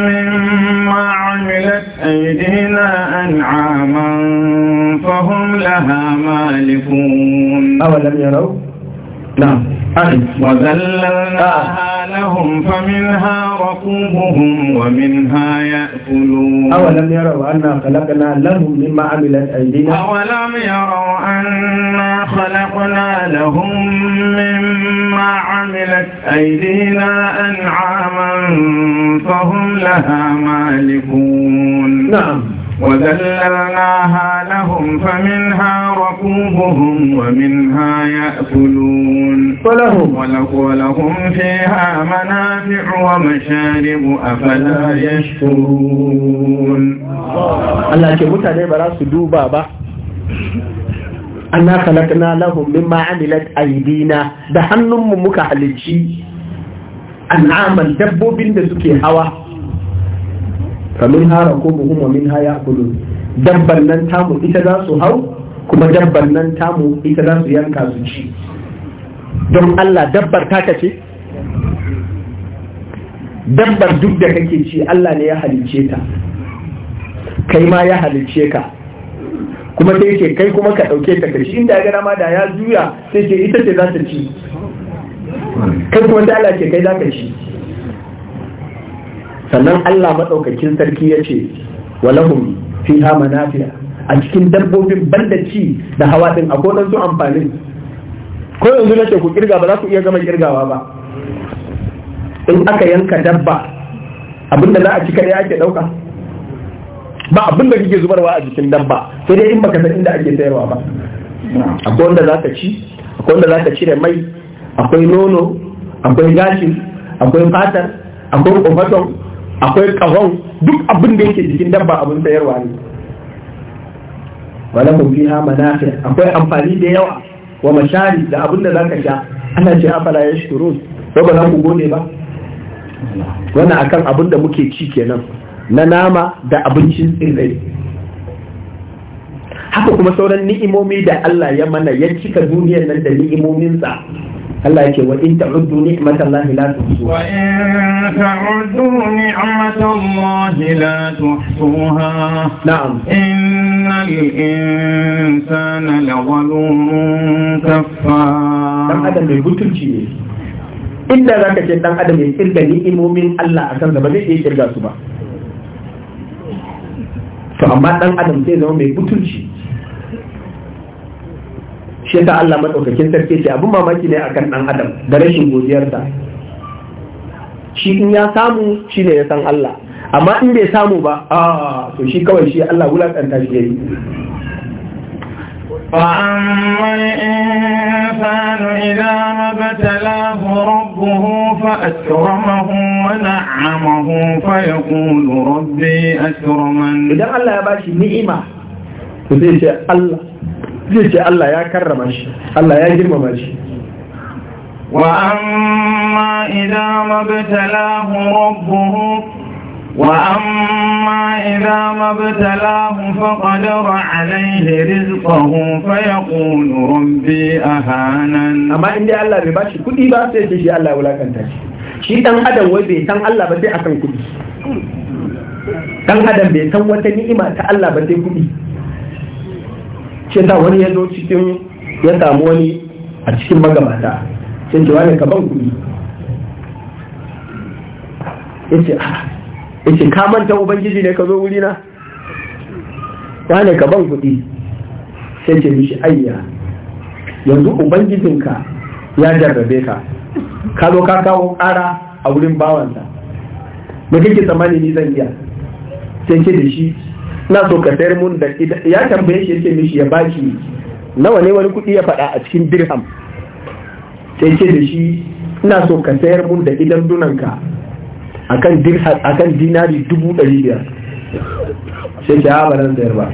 مما عملت أيدينا أنعاما فهم لها مالكون أولم يروا نعم وذللناها آه. لهم فمنها ركوبهم ومنها يأكلون أولم يروا أنا خلقنا لهم مما عملت أيدينا أولم يروا أنا خلقنا لهم مما عملت أيدينا أنعاما فهم لها مالكون نعم وذللناها لهم فمنها ركوبهم ومنها يأكلون ولهم, ولهم فيها منافع ومشارب أفلا يشكرون الله كبوتا نيبا راسو دوبا با أنا خلقنا لهم مما عملت أيدينا دهنم hannunmu muka halicci an'aman dabbobin da suke hawa famin ko rakubuhum wa min ha ya'kulun dabbar nan tamu ita za su hau kuma dabbar nan tamu ita za su yanka su ci don Allah dabbar taka ce dabbar duk da kake ci Allah ne ya halicce ta kai ma ya halicce ka kuma sai ce kai kuma ka ɗauke ta kai shi inda ya gara ma da ya juya sai ce ita ce za ta ci kai kuma da Allah ce kai za ka ci sannan Allah maɗaukakin sarki ya ce walahum fiha manafi'a a cikin dabbobin banda ci da hawa din akwai su amfani ko yanzu na ce ku kirga ba za ku iya gama kirgawa ba in aka yanka dabba abinda za a ci ya ake ɗauka, ba abinda kike zubarwa a jikin dabba sai dai in baka san inda ake sayarwa ba akwai wanda za ka ci akwai wanda za ka cire mai akwai nono akwai gashi akwai fatar akwai kofaton akwai kahon duk abin da yake jikin dabba abin sayarwa ne wala kun fiha manafi akwai amfani da yawa wa mashari da abin da zaka sha ana ce afala yashkurun ko ba za ku gode ba wannan akan abin da muke ci kenan na nama da abincin tsirrai haka kuma sauran ni'imomi da Allah ya mana ya cika duniyar nan da ni'imominsa Allah yake wa in ta'uddu ni'matallahi la tuhsuha wa in ta'uddu ni'matallahi la tuhsuha na'am innal insana lawalun kaffa dan adam mai butulci ne inda zaka ce dan adam ya kirga ni'imomin Allah akan da ba zai iya kirga su ba to amma dan adam sai zama mai butulci shi yasa Allah madaukakin sarki ce abin mamaki ne akan dan adam da rashin godiyarsa shi in ya samu shi ne ya san Allah amma in bai samu ba a to shi kawai shi Allah wulakanta shi yayi فأما الإنسان إذا ما ابتلاه ربه فأكرمه ونعمه فيقول ربي أكرمن إذا الله يباشي نعمة تقول الله zai ce Allah ya karrama shi Allah ya girmama shi wa amma idza mabtalahu rabbuhu wa amma idza mabtalahu faqadara alayhi rizqahu fa yaqulu rabbi ahanan amma in dai Allah bai bashi kudi ba sai ce shi Allah ya wulakanta shi shi dan adam wai bai san Allah ba sai akan kudi dan adam bai san wata ni'ima ta Allah ba sai kudi ce ta wani ya zo cikin ya samu wani a cikin magabata sai ce wani ka ban kuɗi yace ah. ce ka manta ubangiji ne ka zo wuri na wani ka ban kuɗi sai ce mishi ayya yanzu ubangijinka ya jarrabe ka ka zo ka kawo ƙara a wurin bawansa da kake tsammani ni zan iya sai ce da shi na so ka sayar mun da ya tambaye shi yake mishi ya baki nawa ne wani kuɗi ya faɗa a cikin dirham sai ce da shi ina so ka sayar mun da idan dunanka akan dirham akan dinari dubu ɗari biyar sai ce ha ba zan sayar ba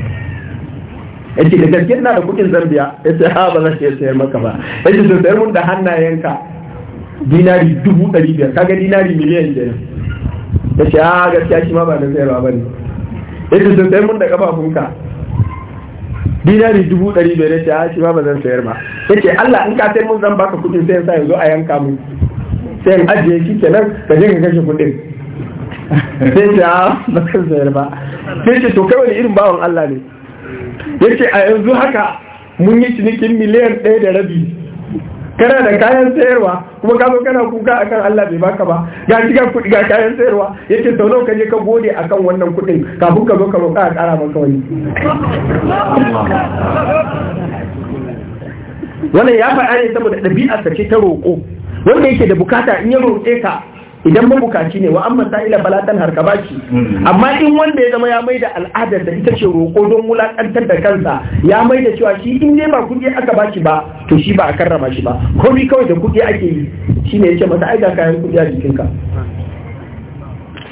ce da gaske na da kuɗin zambiya ya ce ba zan sayar maka ba ce so sayar mun da hannayenka dinari dubu ɗari biyar kaga dinari miliyan kenan ya ce a gaskiya shi ma ba na sayarwa ba ne yake sun sai mun da kafafunka dinari dubu ɗari bai dace a shi ma ba zan sayar ba yake Allah in ka sai mun zan baka kuɗin sai sa yanzu a yanka mu sai in ajiye shi kenan ka je ka kashe kuɗin sai ce a ba zan sayar ba sai ce to kai wani irin bawan Allah ne yake a yanzu haka mun yi cinikin miliyan ɗaya da rabi kana da kayan sayarwa kuma ka zo kana kuka akan Allah bai baka ba ga shiga kuɗi ga kayan sayarwa yace sau nawa ka je ka gode akan wannan kuɗin kafin ka zo ka roƙa a ƙara maka wani wannan ya faɗa ne saboda ɗabi'a ta ce ta roƙo wanda yake da bukata in ya roƙe ka idan mabukaci ne wa amma sa'ila balatan harka baki mm. amma in wanda ya zama ya maida al'adar da ita ce roƙo don wulakantar da kansa ya maida cewa shi in ne ba kuɗi aka baki ba to shi ba a karrama shi ba komai kawai da kuɗi ake yi ya yace masa aika kayan kuɗi a jikinka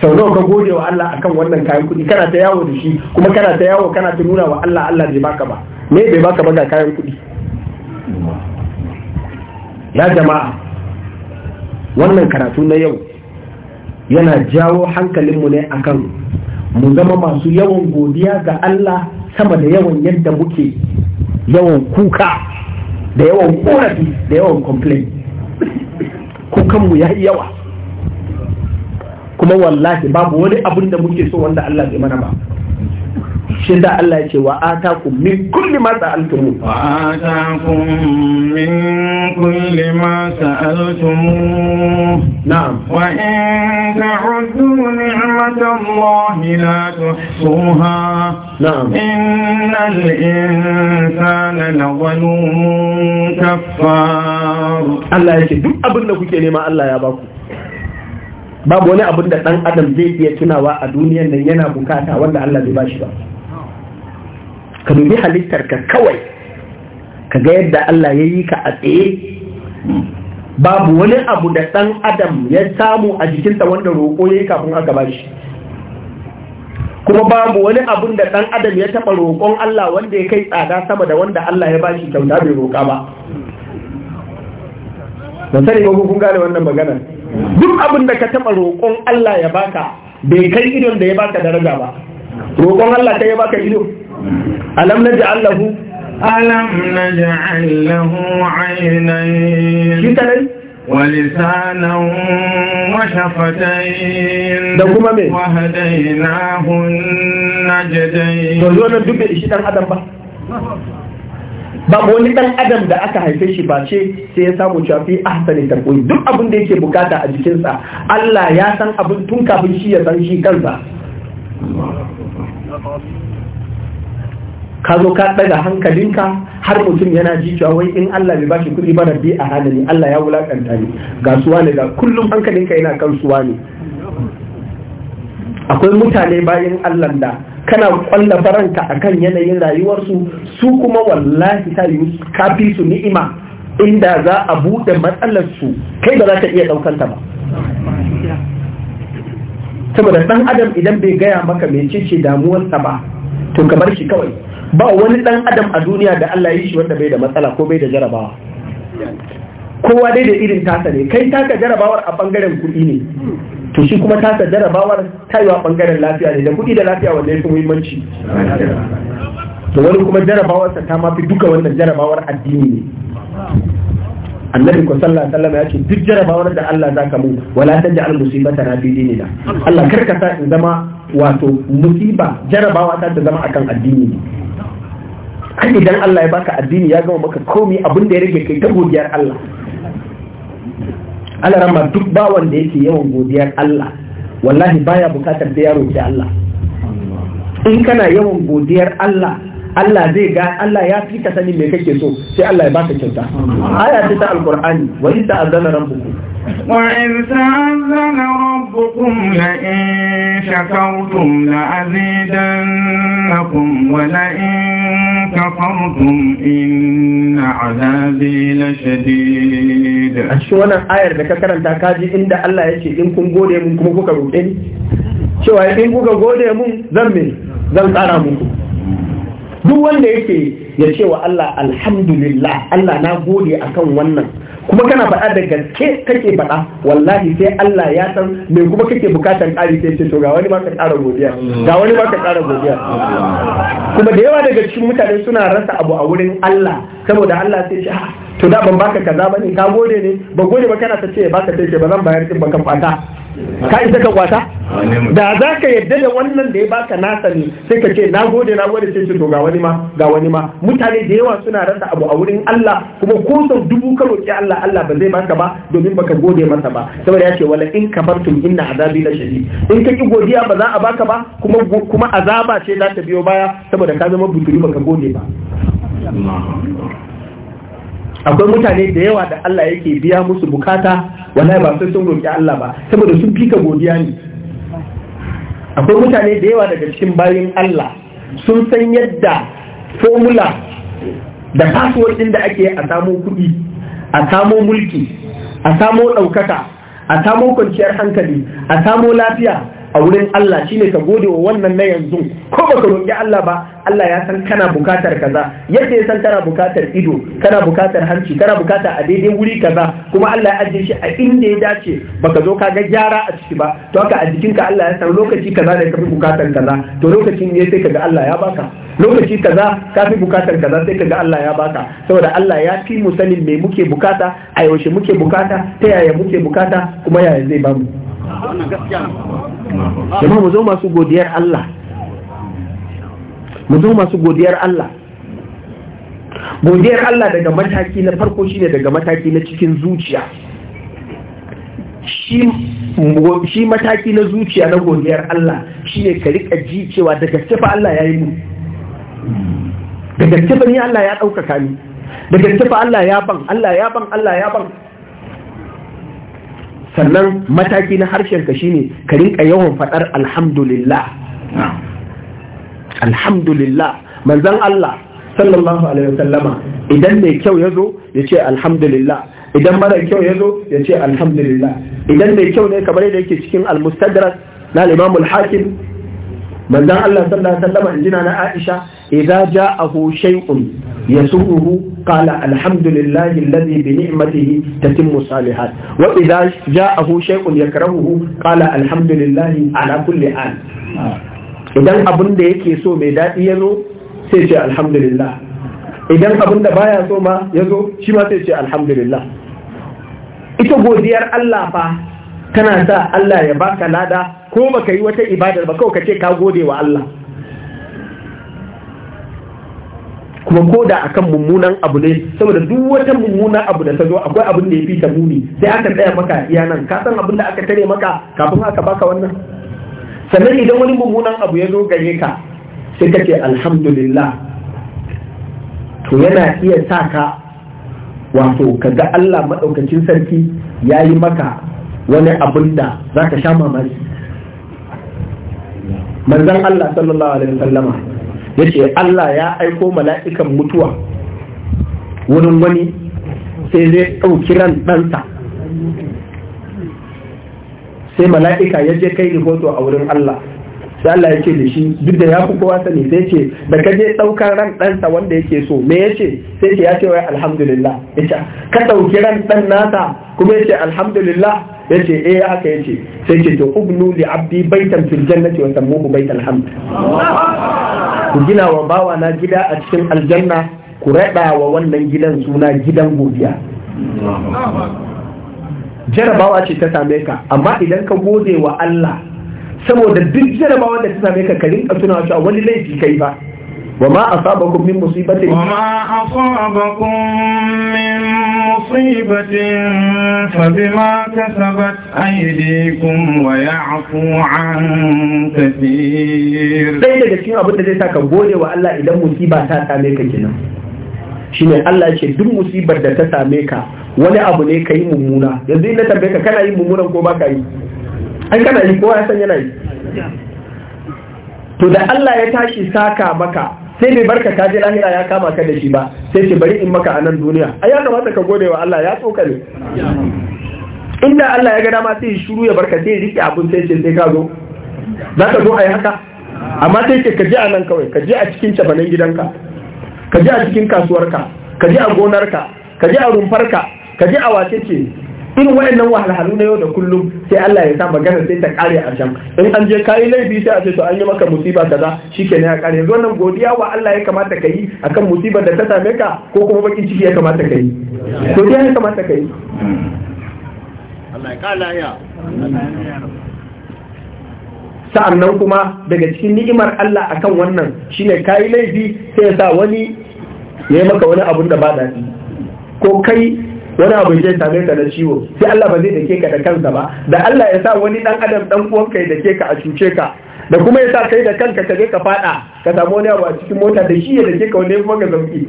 sau nawa ka gode wa Allah akan wannan kayan kuɗi kana ta yawo da shi kuma kana ta yawo kana ta nuna wa Allah Allah bai baka ba me bai baka ba ga kayan kuɗi ya jama'a wannan karatu na yau yana jawo hankalinmu ne a kan mu zama masu yawan godiya ga Allah sama da yawan yadda muke yawan kuka da yawan korafi da yawan complain kukanmu ya yi yawa kuma wallahi babu wani abin da muke so wanda Allah zai mana ba shi da Allah ya ce wa atakum min kulli ma sa'altum wa atakum min kulli ma sa'altum na'am wa in ta'uddu ni'matallahi la tuhsuha na'am innal insana lazalumun kaffar Allah yake duk abin da kuke nema Allah ya baku babu wani abin da ɗan adam zai iya tunawa a duniyar nan yana bukata wanda Allah ba bashi ba ka dubi halittar ka kawai ka ga yadda Allah ya yi ka a tsaye babu wani abu da ɗan adam ya samu a jikinsa wanda roƙo ya yi kafin aka ba shi kuma babu wani abun da ɗan adam ya taɓa roƙon Allah wanda ya kai tsada sama da wanda Allah ya ba shi kyauta bai roƙa ba ban sani ba kun gane wannan magana duk abin da ka taɓa roƙon Allah ya baka bai kai idon da ya baka daraja ba roƙon Allah ta yi baka ido alam na ja'al lahu alam na ja'al lahu ainihin shi kadai ولسانا وشفتين دكما مين وهديناه النجدين دولونا دبي شي دان ادم با babu wani dan adam da aka haife shi ba ce sai ya samu shafi a ahsani tarbiyyah duk abin da yake bukata a jikinsa Allah ya san abin tun kafin shi ya san shi kansa ka zo ka ɗaga hankalinka har mutum yana ji cewa wai in Allah bai bashi kuɗi ba rabbi a hana ne Allah ya wulaƙanta ne ga suwa ne ga kullum hankalinka yana kan suwa ne akwai mutane bayan Allah da kana kwalla faranta akan yanayin rayuwarsu su kuma wallahi ta yi kafi su ni'ima inda za a buɗe matsalarsu kai ba za ta iya ɗaukanta ba saboda dan adam idan bai gaya maka mecece damuwarsa ba to kamar shi kawai ba wani dan adam a duniya da Allah ya shi wanda bai da matsala ko bai da jarabawa kowa dai da irin tasa ne kai taka jarabawar a bangaren kuɗi ne to shi kuma tasa jarabawar tayiwa bangaren lafiya ne da kuɗi da lafiya wanda ya fi muhimmanci to wani kuma jarabawarsa ta mafi duka wannan jarabawar addini ne annabi ko sallallahu alaihi wasallam ya ce duk jarabawar da Allah zaka mu wala taj'al musibata na fi dinina Allah karka sa in zama wato musiba jarabawa ta ta zama akan addini ne ai idan Allah ya baka addini ya gama maka komai abin da ya rage kai ta godiyar Allah Allah rama duk bawan da yake yawan godiyar Allah wallahi baya bukatar da yaro roki Allah in kana yawan godiyar Allah Allah zai ga Allah ya fi ka sani me kake so sai Allah ya baka kyauta aya ta alqur'ani wa idza azana rabbukum wa idza azana rabbukum la in shakartum la azidannakum wa la in kafartum inna azabi lashadid shi wannan ayar da ka karanta kaji inda Allah yake in kun gode mun kuma kuka roƙe ni cewa in kuka gode mun zan me zan tsara muku duk wanda yake ya ce wa Allah alhamdulillah Allah na gode akan wannan kuma kana faɗa da gaske kake faɗa wallahi sai Allah ya san me kuma kake bukatan ƙari sai ce to ga wani ma ka ƙara godiya ga wani ma ka ƙara godiya kuma da yawa daga cikin mutane suna rasa abu a wurin Allah saboda Allah sai ce ah, to da ban baka kaza ba ne ka gode ne ba gode ba kana ta ce baka ta ce ba zan bayar ba baka kwata ka isa ka kwata da za ka yadda da wannan da ya baka nasa ne sai ka ce na gode na gode sai to ga wani ma ga wani ma mutane da yawa suna rasa abu a wurin Allah kuma ko sau dubu ka roki Allah Allah ba zai baka ba domin baka gode masa ba saboda ya ce wala in kabartum inna azabi la shadid in ka ki godiya ba za a baka ba kuma kuma azaba ce za ta biyo baya saboda ka zama buturi baka gode ba akwai mutane da yawa da Allah yake biya musu bukata wallahi ba sai sun roƙi Allah ba saboda sun fika godiya ne akwai mutane da yawa daga cikin bayin Allah sun san yadda formula da password din da ake a samu kuɗi a samo mulki a samo ɗaukaka a samo kwanciyar hankali a samo lafiya a wurin Allah shine ka gode wa wannan na yanzu ko baka roƙi Allah ba Allah ya san kana bukatar kaza yadda ya san kana bukatar ido kana bukatar hanci kana bukata a daidai wuri kaza kuma Allah ya ajiye shi a inda ya dace baka zo ka ga gyara a ciki ba to haka a jikinka Allah ya san lokaci kaza da kafi bukatar kaza to lokaci ne sai kaga Allah ya baka lokaci kaza kafi bukatar kaza sai kaga Allah ya baka saboda Allah ya fi mu sanin me muke bukata a yaushe muke bukata ta yaya muke bukata kuma yaya zai bamu jama'a mu zo masu godiyar Allah mu zo masu godiyar Allah godiyar Allah daga mataki na farko shine daga mataki na cikin zuciya shi mataki na zuciya na godiyar Allah shine ka rika ji cewa da gaske fa Allah ya yi mu da gaske ni Allah ya ɗaukaka ni da gaske fa Allah ya ban Allah ya ban Allah ya ban sannan mataki na harshen ka shine ka rinka yawan faɗar alhamdulillah alhamdulillah manzon Allah sallallahu alaihi wasallama idan mai kyau ya zo ya ce alhamdulillah idan mara kyau ya zo ya ce alhamdulillah idan mai kyau ne kamar yadda yake cikin almustadrak na imamul hakim manzon Allah sallallahu alaihi wasallama injina na Aisha idza ja'ahu shay'un yasuhu qala alhamdulillahi alladhi bi ni'matihi tatimmu salihat wa idza ja'ahu shay'un yakrahuhu qala alhamdulillahi ala kulli hal idan abin da yake so mai daɗi ya zo sai ce alhamdulillah idan abin da baya so ma ya zo shi ma sai ce alhamdulillah ita godiyar Allah fa tana sa Allah ya baka lada ko baka yi wata ibadar ba kawai kace ka gode wa Allah kuma ko da akan mummunan abu ne saboda duk wata mummunan abu da ta zo akwai abin da ya fi ta muni sai aka tsaya maka iya nan ka san abin da aka tare maka kafin aka baka wannan sannan idan wani mummunan abu ya zo gare ka sai ka ce alhamdulillah to yana iya sa ka wato ka ga Allah maɗaukacin sarki ya yi maka wani abin da za ka sha mamaki manzan Allah sallallahu alaihi wasallama ya ce Allah ya aiko mala'ikan mutuwa wurin wani sai zai ɗauki ran ɗansa sai mala'ika ya je kai rahoto a wurin Allah sai Allah ya ce da shi duk da ya fi kowa sani sai ce da ka je ɗaukar ran ɗansa wanda yake so me ya ce sai ce ya ce wai alhamdulillah ya ce ka ɗauki ran ɗan nasa kuma ya ce alhamdulillah ya ce eh haka ya ce sai ce to ubnu li abdi baitan fil jannati wa sammuhu baital hamd ku gina wa bawa na gida a cikin aljanna ku raɗa wa wannan gidan suna gidan godiya jarabawa ce ta same ka amma idan ka gode wa Allah saboda duk jarabawa da ta same ka ka rinka tunawa cewa wani laifi kai ba وما أصابكم من مصيبة وما أصابكم من مصيبة فبما كسبت أيديكم ويعفو عن كثير. سيدة جسيم أبو تجيسا كبولي وألا إذا مصيبة تاتا ميكا جنم. shine Allah ce duk musibar da ta same ka wani abu ne ka yi mummuna yanzu na tambaye ka kana yi mummuna ko ba ka yi an kana yi kowa ya san yana yi to da Allah ya tashi saka maka sai bai barka ka je lahira ya kama ka da shi ba sai ce bari in maka a nan duniya ai ya kamata ka gode wa Allah ya tsoka ne inda Allah ya ga dama sai shiru ya barka sai rike abun sai ce sai ka zo za ka zo a yi haka amma sai ce ka je a nan kawai ka je a cikin cafanin gidanka ka ji a cikin kasuwarka ka ji a gonarka ka ji a rumfarka ka ji a wacece irin wayannan wahalhalu na yau da kullum sai Allah ya sa magana sai ta kare a can in an je kai laifi sai a ce to an yi maka musiba kaza shikenan ya kare yanzu wannan godiya wa Allah ya kamata ka yi akan musibar da ta same ka ko kuma bakin ciki ya kamata ka yi godiya ya kamata ka yi sa'annan kuma daga cikin ni'imar Allah akan wannan shine kayi laifi sai ya sa wani ya yi maka wani abun da ba daɗi ko kai wani abu ya same ka da ciwo sai Allah ba zai dake ka da kansa ba da Allah ya sa wani ɗan adam ɗan uwanka ya ke ka a cuce ka da kuma yasa kai da kanka ka je ka faɗa ka samu wani abu a cikin mota da shi ya dake ka wani ya kuma ga sauki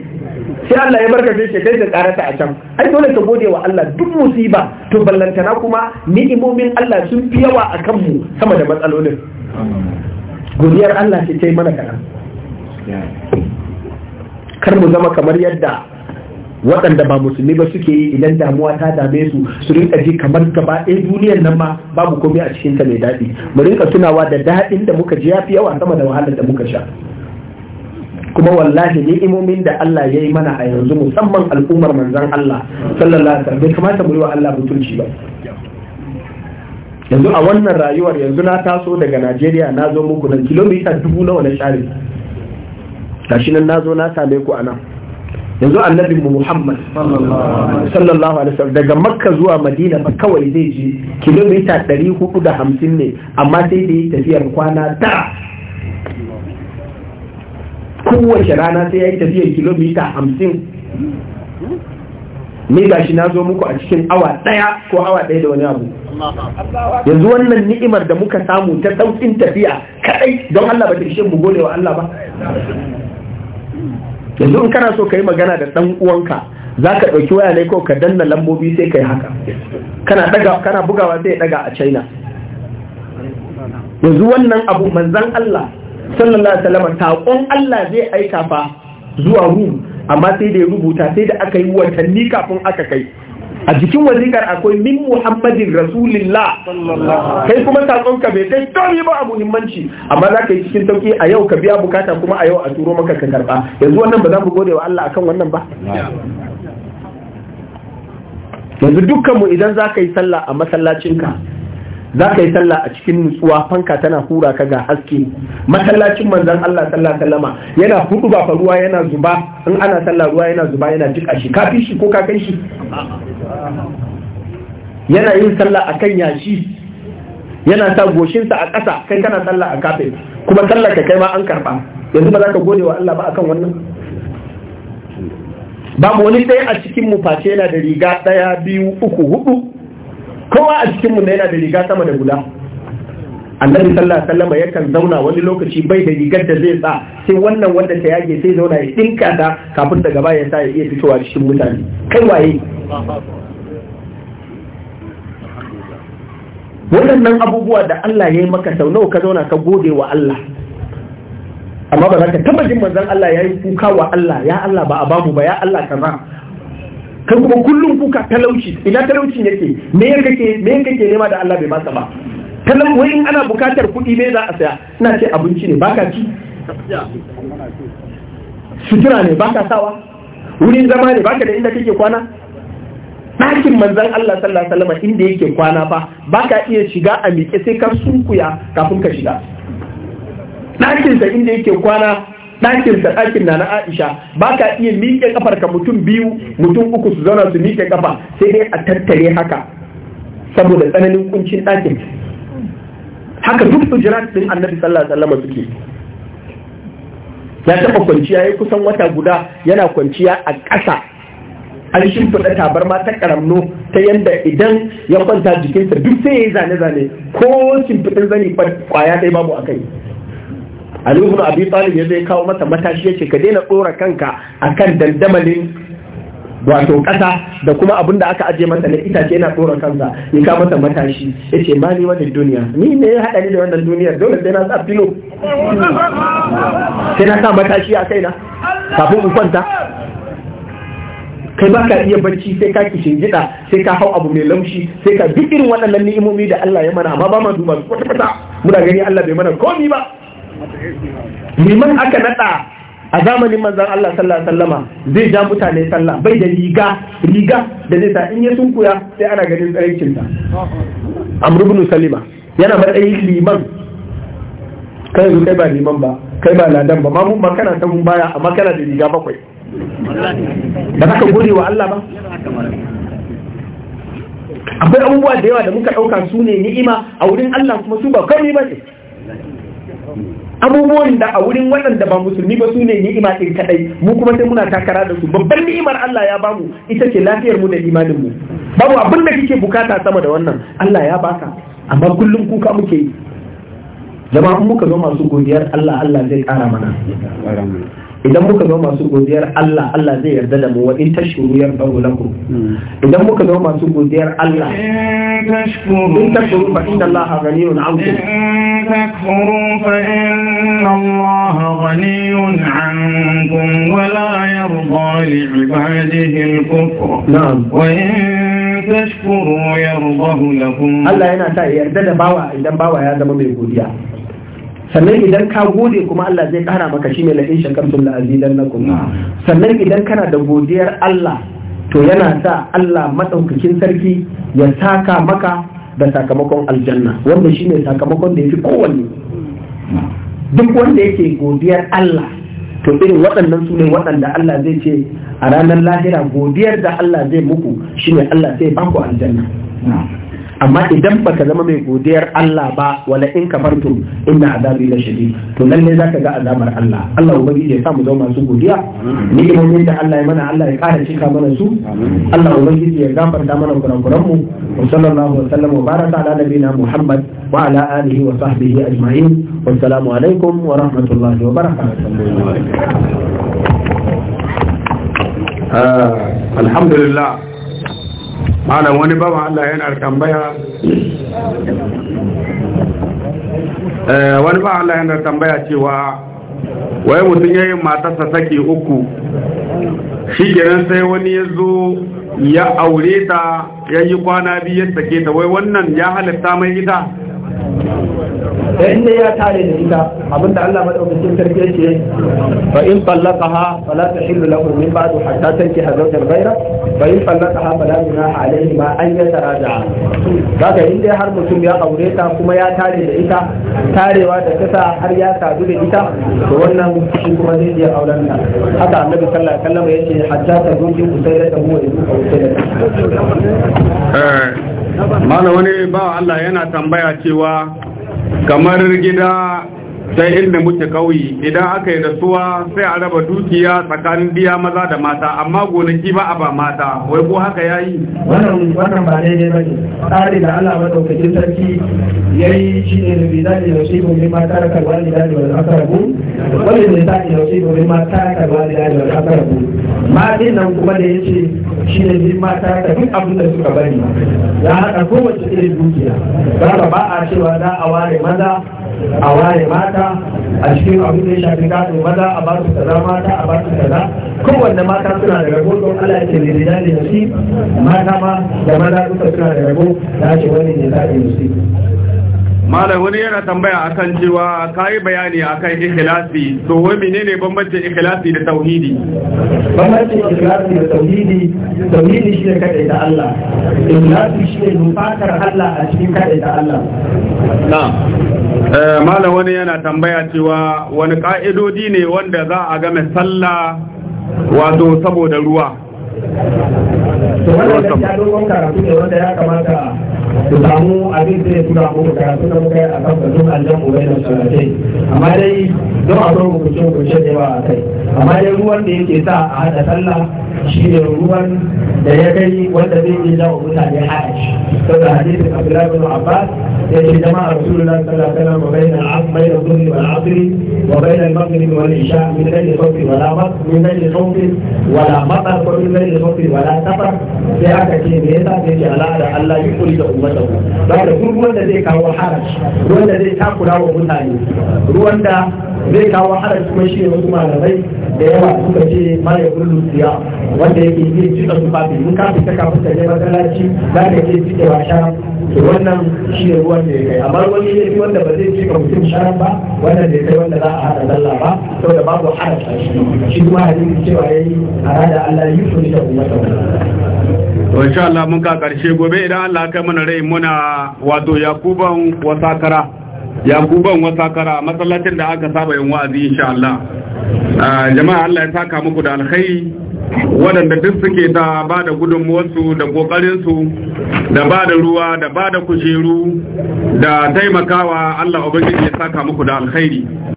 sai Allah ya barka sai shi kai da ta a can ai dole ka gode wa Allah duk musiba to ballantana kuma ni'imomin Allah sun fi yawa a kanmu sama da matsalolin godiyar Allah ce ta yi mana kaɗan kar mu zama kamar yadda waɗanda ba musulmi ba suke yi idan damuwa ta dame su su rinka ji kamar gaba ɗaya duniyar nan ma babu komai a cikin ta mai daɗi mu rinka tunawa da daɗin da muka ji ya fi yawa sama da wahalar da muka sha kuma wallahi imomin da Allah ya yi mana a yanzu musamman al'ummar manzan Allah sallallahu alaihi wasallam kamata mu yi wa Allah mutunci ba yanzu a wannan rayuwar yanzu na taso daga Najeriya na zo muku nan kilomita dubu nawa na share gashi nan na zo na same ku a nan yanzu annabi muhammad sallallahu alaihi wasallam daga makka zuwa madina ba kawai zai je kilomita 450 ne amma sai da yi tafiyar kwana tara kowace rana sai ya yi tafiyar kilomita 50 ni gashi na zo muku a cikin awa ɗaya ko awa ɗaya da wani abu yanzu wannan ni'imar da muka samu ta saukin tafiya kaɗai don allah ba ta ishe mu gode wa allah ba yanzu in kana so ka yi magana da ɗan uwanka za ka ɗauki waya ne ko ka danna lambobi sai ka yi haka kana bugawa sai ɗaga a china yanzu wannan abu manzan Allah sallallahu alaihi wasallam taƙon Allah zai aika fa zuwa rum amma sai da ya rubuta sai da aka yi watanni kafin aka kai a jikin wasikar akwai min muhammadin rasulillah kai kuma ka bai kai yi ba a muhimmanci amma za ka yi cikin sauƙi a yau ka biya bukata kuma a yau a turo maka ka karba yanzu wannan ba za mu gode wa Allah akan wannan ba yanzu mu idan za ka yi sallah a masallacinka za ka yi sallah a cikin nutsuwa fanka tana hura ka ga haske masallacin manzon Allah sallallahu alaihi wasallam yana hudu ba ruwa yana zuba in ana sallah ruwa yana zuba yana jika shi ka shi ko ka kai shi yana yin sallah akan yashi yana sa goshinsa a ƙasa kai kana sallah a kafe kuma sallah ka kai ma an karba yanzu ba za ka gode wa Allah ba akan wannan ba mu wani ɗaya a cikin mu face yana da riga ɗaya biyu uku hudu kowa a cikin mu yana da riga sama da guda annabi sallallahu alaihi wasallam yakan zauna wani lokaci bai da rigar da zai sa sai wannan wanda ta yage sai zauna ya dinka ta kafin daga baya ya sa ya iya fitowa cikin mutane kai waye waɗannan abubuwa da Allah ya yi maka sau nawa ka zauna ka gode wa Allah amma ba za ka taba jin manzon Allah ya yi kuka wa Allah ya Allah ba a babu ba ya Allah kaza kan kuma kullum kuka talauci ina talauci yake me yanka ke me yanka ke nema da Allah bai masa ba talan wai in ana bukatar kuɗi me za a saya ina ce abinci ne baka ci sutura ne baka sawa wurin zama ne baka da inda kake kwana ɗakin manzan Allah sallallahu alaihi wasallam inda yake kwana fa baka iya shiga a miƙe sai ka sunkuya kafin ka shiga ɗakinsa inda yake kwana ɗakin da ɗakin na na Aisha ba ka iya miƙe ƙafarka ka mutum biyu mutum uku su zauna su miƙe ƙafa. sai dai a tattare haka saboda tsananin kuncin ɗakin haka duk jira din Annabi sallallahu alaihi wasallam suke ya taɓa kwanciya ya kusan wata guda yana kwanciya a ƙasa an shimfiɗa tabarma ta karamno ta yanda idan ya kwanta jikinsa duk sai ya yi zane-zane ko shimfiɗin zani kwaya ɗaya babu a kai Ali ibn Abi Talib ya zai kawo masa matashi yace ka daina tsora kanka akan dandamalin wato kasa da kuma abin da aka aje masa na itace yana tsora kansa ya kawo masa matashi yace ma ni wannan duniya ni ne ya hada ni da wannan duniyar dole sai na sa filo sai na sa matashi a kaina kafin in kwanta kai baka iya barci sai ka kishin gida sai ka hau abu mai laushi sai ka duk irin waɗannan ni'imomi da Allah ya mana amma ba ma duba ko ta muna gani Allah bai mana komai ba liman aka nada a zamanin manzan Allah sallallahu alaihi wasallama zai ja mutane sallah bai da riga riga da zai sa in ya sunkuya sai ana ganin tsarkin sa Amr ibn Salima yana matsayin liman kai yanzu kai ba liman ba kai ba ladan ba mamun ba kana tabun baya amma kana da riga bakwai da za gode wa Allah ba akwai abubuwa da yawa da muka ɗauka su ne ni'ima a wurin Allah kuma su ba komai ba ne abubuwan da a wurin waɗanda ba musulmi ba su ne ni'ima ɗin kaɗai mu kuma sai muna takara da su babban ni'imar Allah ya bamu ita ce lafiyar mu da imanin mu babu abin da kike bukata sama da wannan Allah ya baka amma kullum kuka muke yi zama in muka zo masu godiyar Allah Allah zai ƙara mana idan muka zama masu godiyar Allah Allah zai yarda da mu wa in tashkuru yarfa'u lakum idan muka zama masu godiyar Allah in tashkuru fa inna Allah ghaniyun 'ankum in takfuru fa inna Allah ghaniyun 'ankum wa la yarda li 'ibadihi al-kufr na'am wa in tashkuru yardahu lakum Allah yana ta yarda da bawa idan bawa ya zama mai godiya sannan idan ka gode kuma Allah zai kara maka shi ne la'in shakartum na kuma sannan idan kana da godiyar Allah to yana sa Allah matsaukakin sarki ya saka maka da sakamakon aljanna wanda shi ne sakamakon da ya fi kowanne duk wanda yake godiyar Allah to irin waɗannan su ne waɗanda Allah zai ce a ranar lahira godiyar da Allah zai muku shi ne Allah zai ba aljanna amma idan baka zama mai godiyar Allah ba wala in kafartum inna azabi la shadid to lalle zaka ga azabar Allah Allah ubangiji ya sa mu zama masu godiya ni'imomin da Allah ya mana Allah ya kara cika mana su Allah ubangiji ya gafarta mana kurakuran mu wa sallallahu wa sallam wa baraka ala nabina Muhammad wa ala alihi wa sahbihi ajma'in assalamu alaikum wa rahmatullahi wa barakatuh ah, alhamdulillah malam wani baban Allah yana tambaya eh, wani Allah yana tambaya cewa wai mutum ya yi matarsa sake uku shi kenan sai wani ya zo ya aure ta ya yi kwana biyu ya sake ta wai wannan ya halitta mai ita da inda ya tare da ita abinda Allah madaukakin sarki yake fa in tallaqaha fala tahillu lahu min ba'du hatta tanki hazawjan ghayra fa in tallaqaha fala junaha alayhi ma an yataraja'a kaga in dai har mutum ya aure ta kuma ya tare da ita tarewa da kasa har ya sadu da ita to wannan shi kuma zai iya auren ta haka annabi sallallahu alaihi wasallam yace hatta tazuki usayrata huwa usayrata eh, mana wani ba Allah yana tambaya cewa kamar gida sai inda muke kauyi idan aka yi rasuwa sai a raba dukiya tsakanin biya maza da mata amma gonaki ba a ba mata wai ko haka ya yi wannan ba daidai ba ne tsari da allah maɗaukakin sarki ya yi shi ne da bi zaɗi da shi domin mata da ne da daji wani akarabu wani ne zaɗi da shi domin mata da ne da daji wani ma matan nan kuma da ya ce shi ne bi mata da duk abin da suka bari ya haɗa kowace irin dukiya ba ba a cewa za a ware maza a ware mata a cikin abin da ya shafi gado maza a ba su kaza mata a ba su kaza kowanne mata suna da rago don Allah ce da nasi mata ma da maza duka suna da rago da ake wani ne zaɓi nasi malam wani yana tambaya akan cewa ka yi bayani akan ikhlasi to wai ne bambancin ikhlasi da tauhidi bambancin ikhlasi da tauhidi tauhidi shi ne kadai da Allah ikhlasi shi ne nufatar Allah a cikin kadai da Allah na'am eh, malam wani yana tambaya cewa wani ka'idodi ne wanda za a game sallah wato saboda ruwa to wannan ya dogon karatu ne wanda ya kamata su samu abin da ya tura muku karatu da muka yi a kan batun aljan ubai da sharatai amma dai don a zo hukunce hukunce da yawa a kai amma dai ruwan da yake sa a hada sallah shi ne ruwan da ya kai wanda zai yi jawo mutane haɗa shi saboda hadisin abdullahi bin abbas ya ce jama'a rasulullahi sallallahu alaihi wasallam bai na bai na zuri wal asri wa bai na maghrib wal isha min ghairi khawfi wala mat min ghairi khawfi wala matar ko min ghairi khawfi wala safar sai aka ce me yasa sai ce ala da Allah ya kulli da ummatahu ba da duk wanda zai kawo haraji wanda zai takura wa mutane ruwan da zai kawo haraji kuma shi ne wasu malamai da yawa suka ce mara ya kullu siya wanda yake yi cika su kafi in ka fita ka fita ne masallaci za ka je cike wa sha to wannan shi ne ruwan da ya kai amma wani ne wanda ba zai cika mutum sharan ba wannan da ya kai wanda za a hada sallah ba saboda babu haraji shi kuma hadisi cewa yayi arada Allah yi yusu da ummatahu to insha Allah mun ka karshe gobe idan Allah kai mana rai muna wato Yakuban wasakara Yakuban wasakara masallacin da aka saba yin wa'azi insha Allah jama'a Allah ya saka muku da alkhairi waɗanda duk suke ta ba da gudunmuwarsu da ƙoƙarinsu da ba da ruwa da ba da kujeru da taimakawa Allah Ubangiji ya saka muku da alkhairi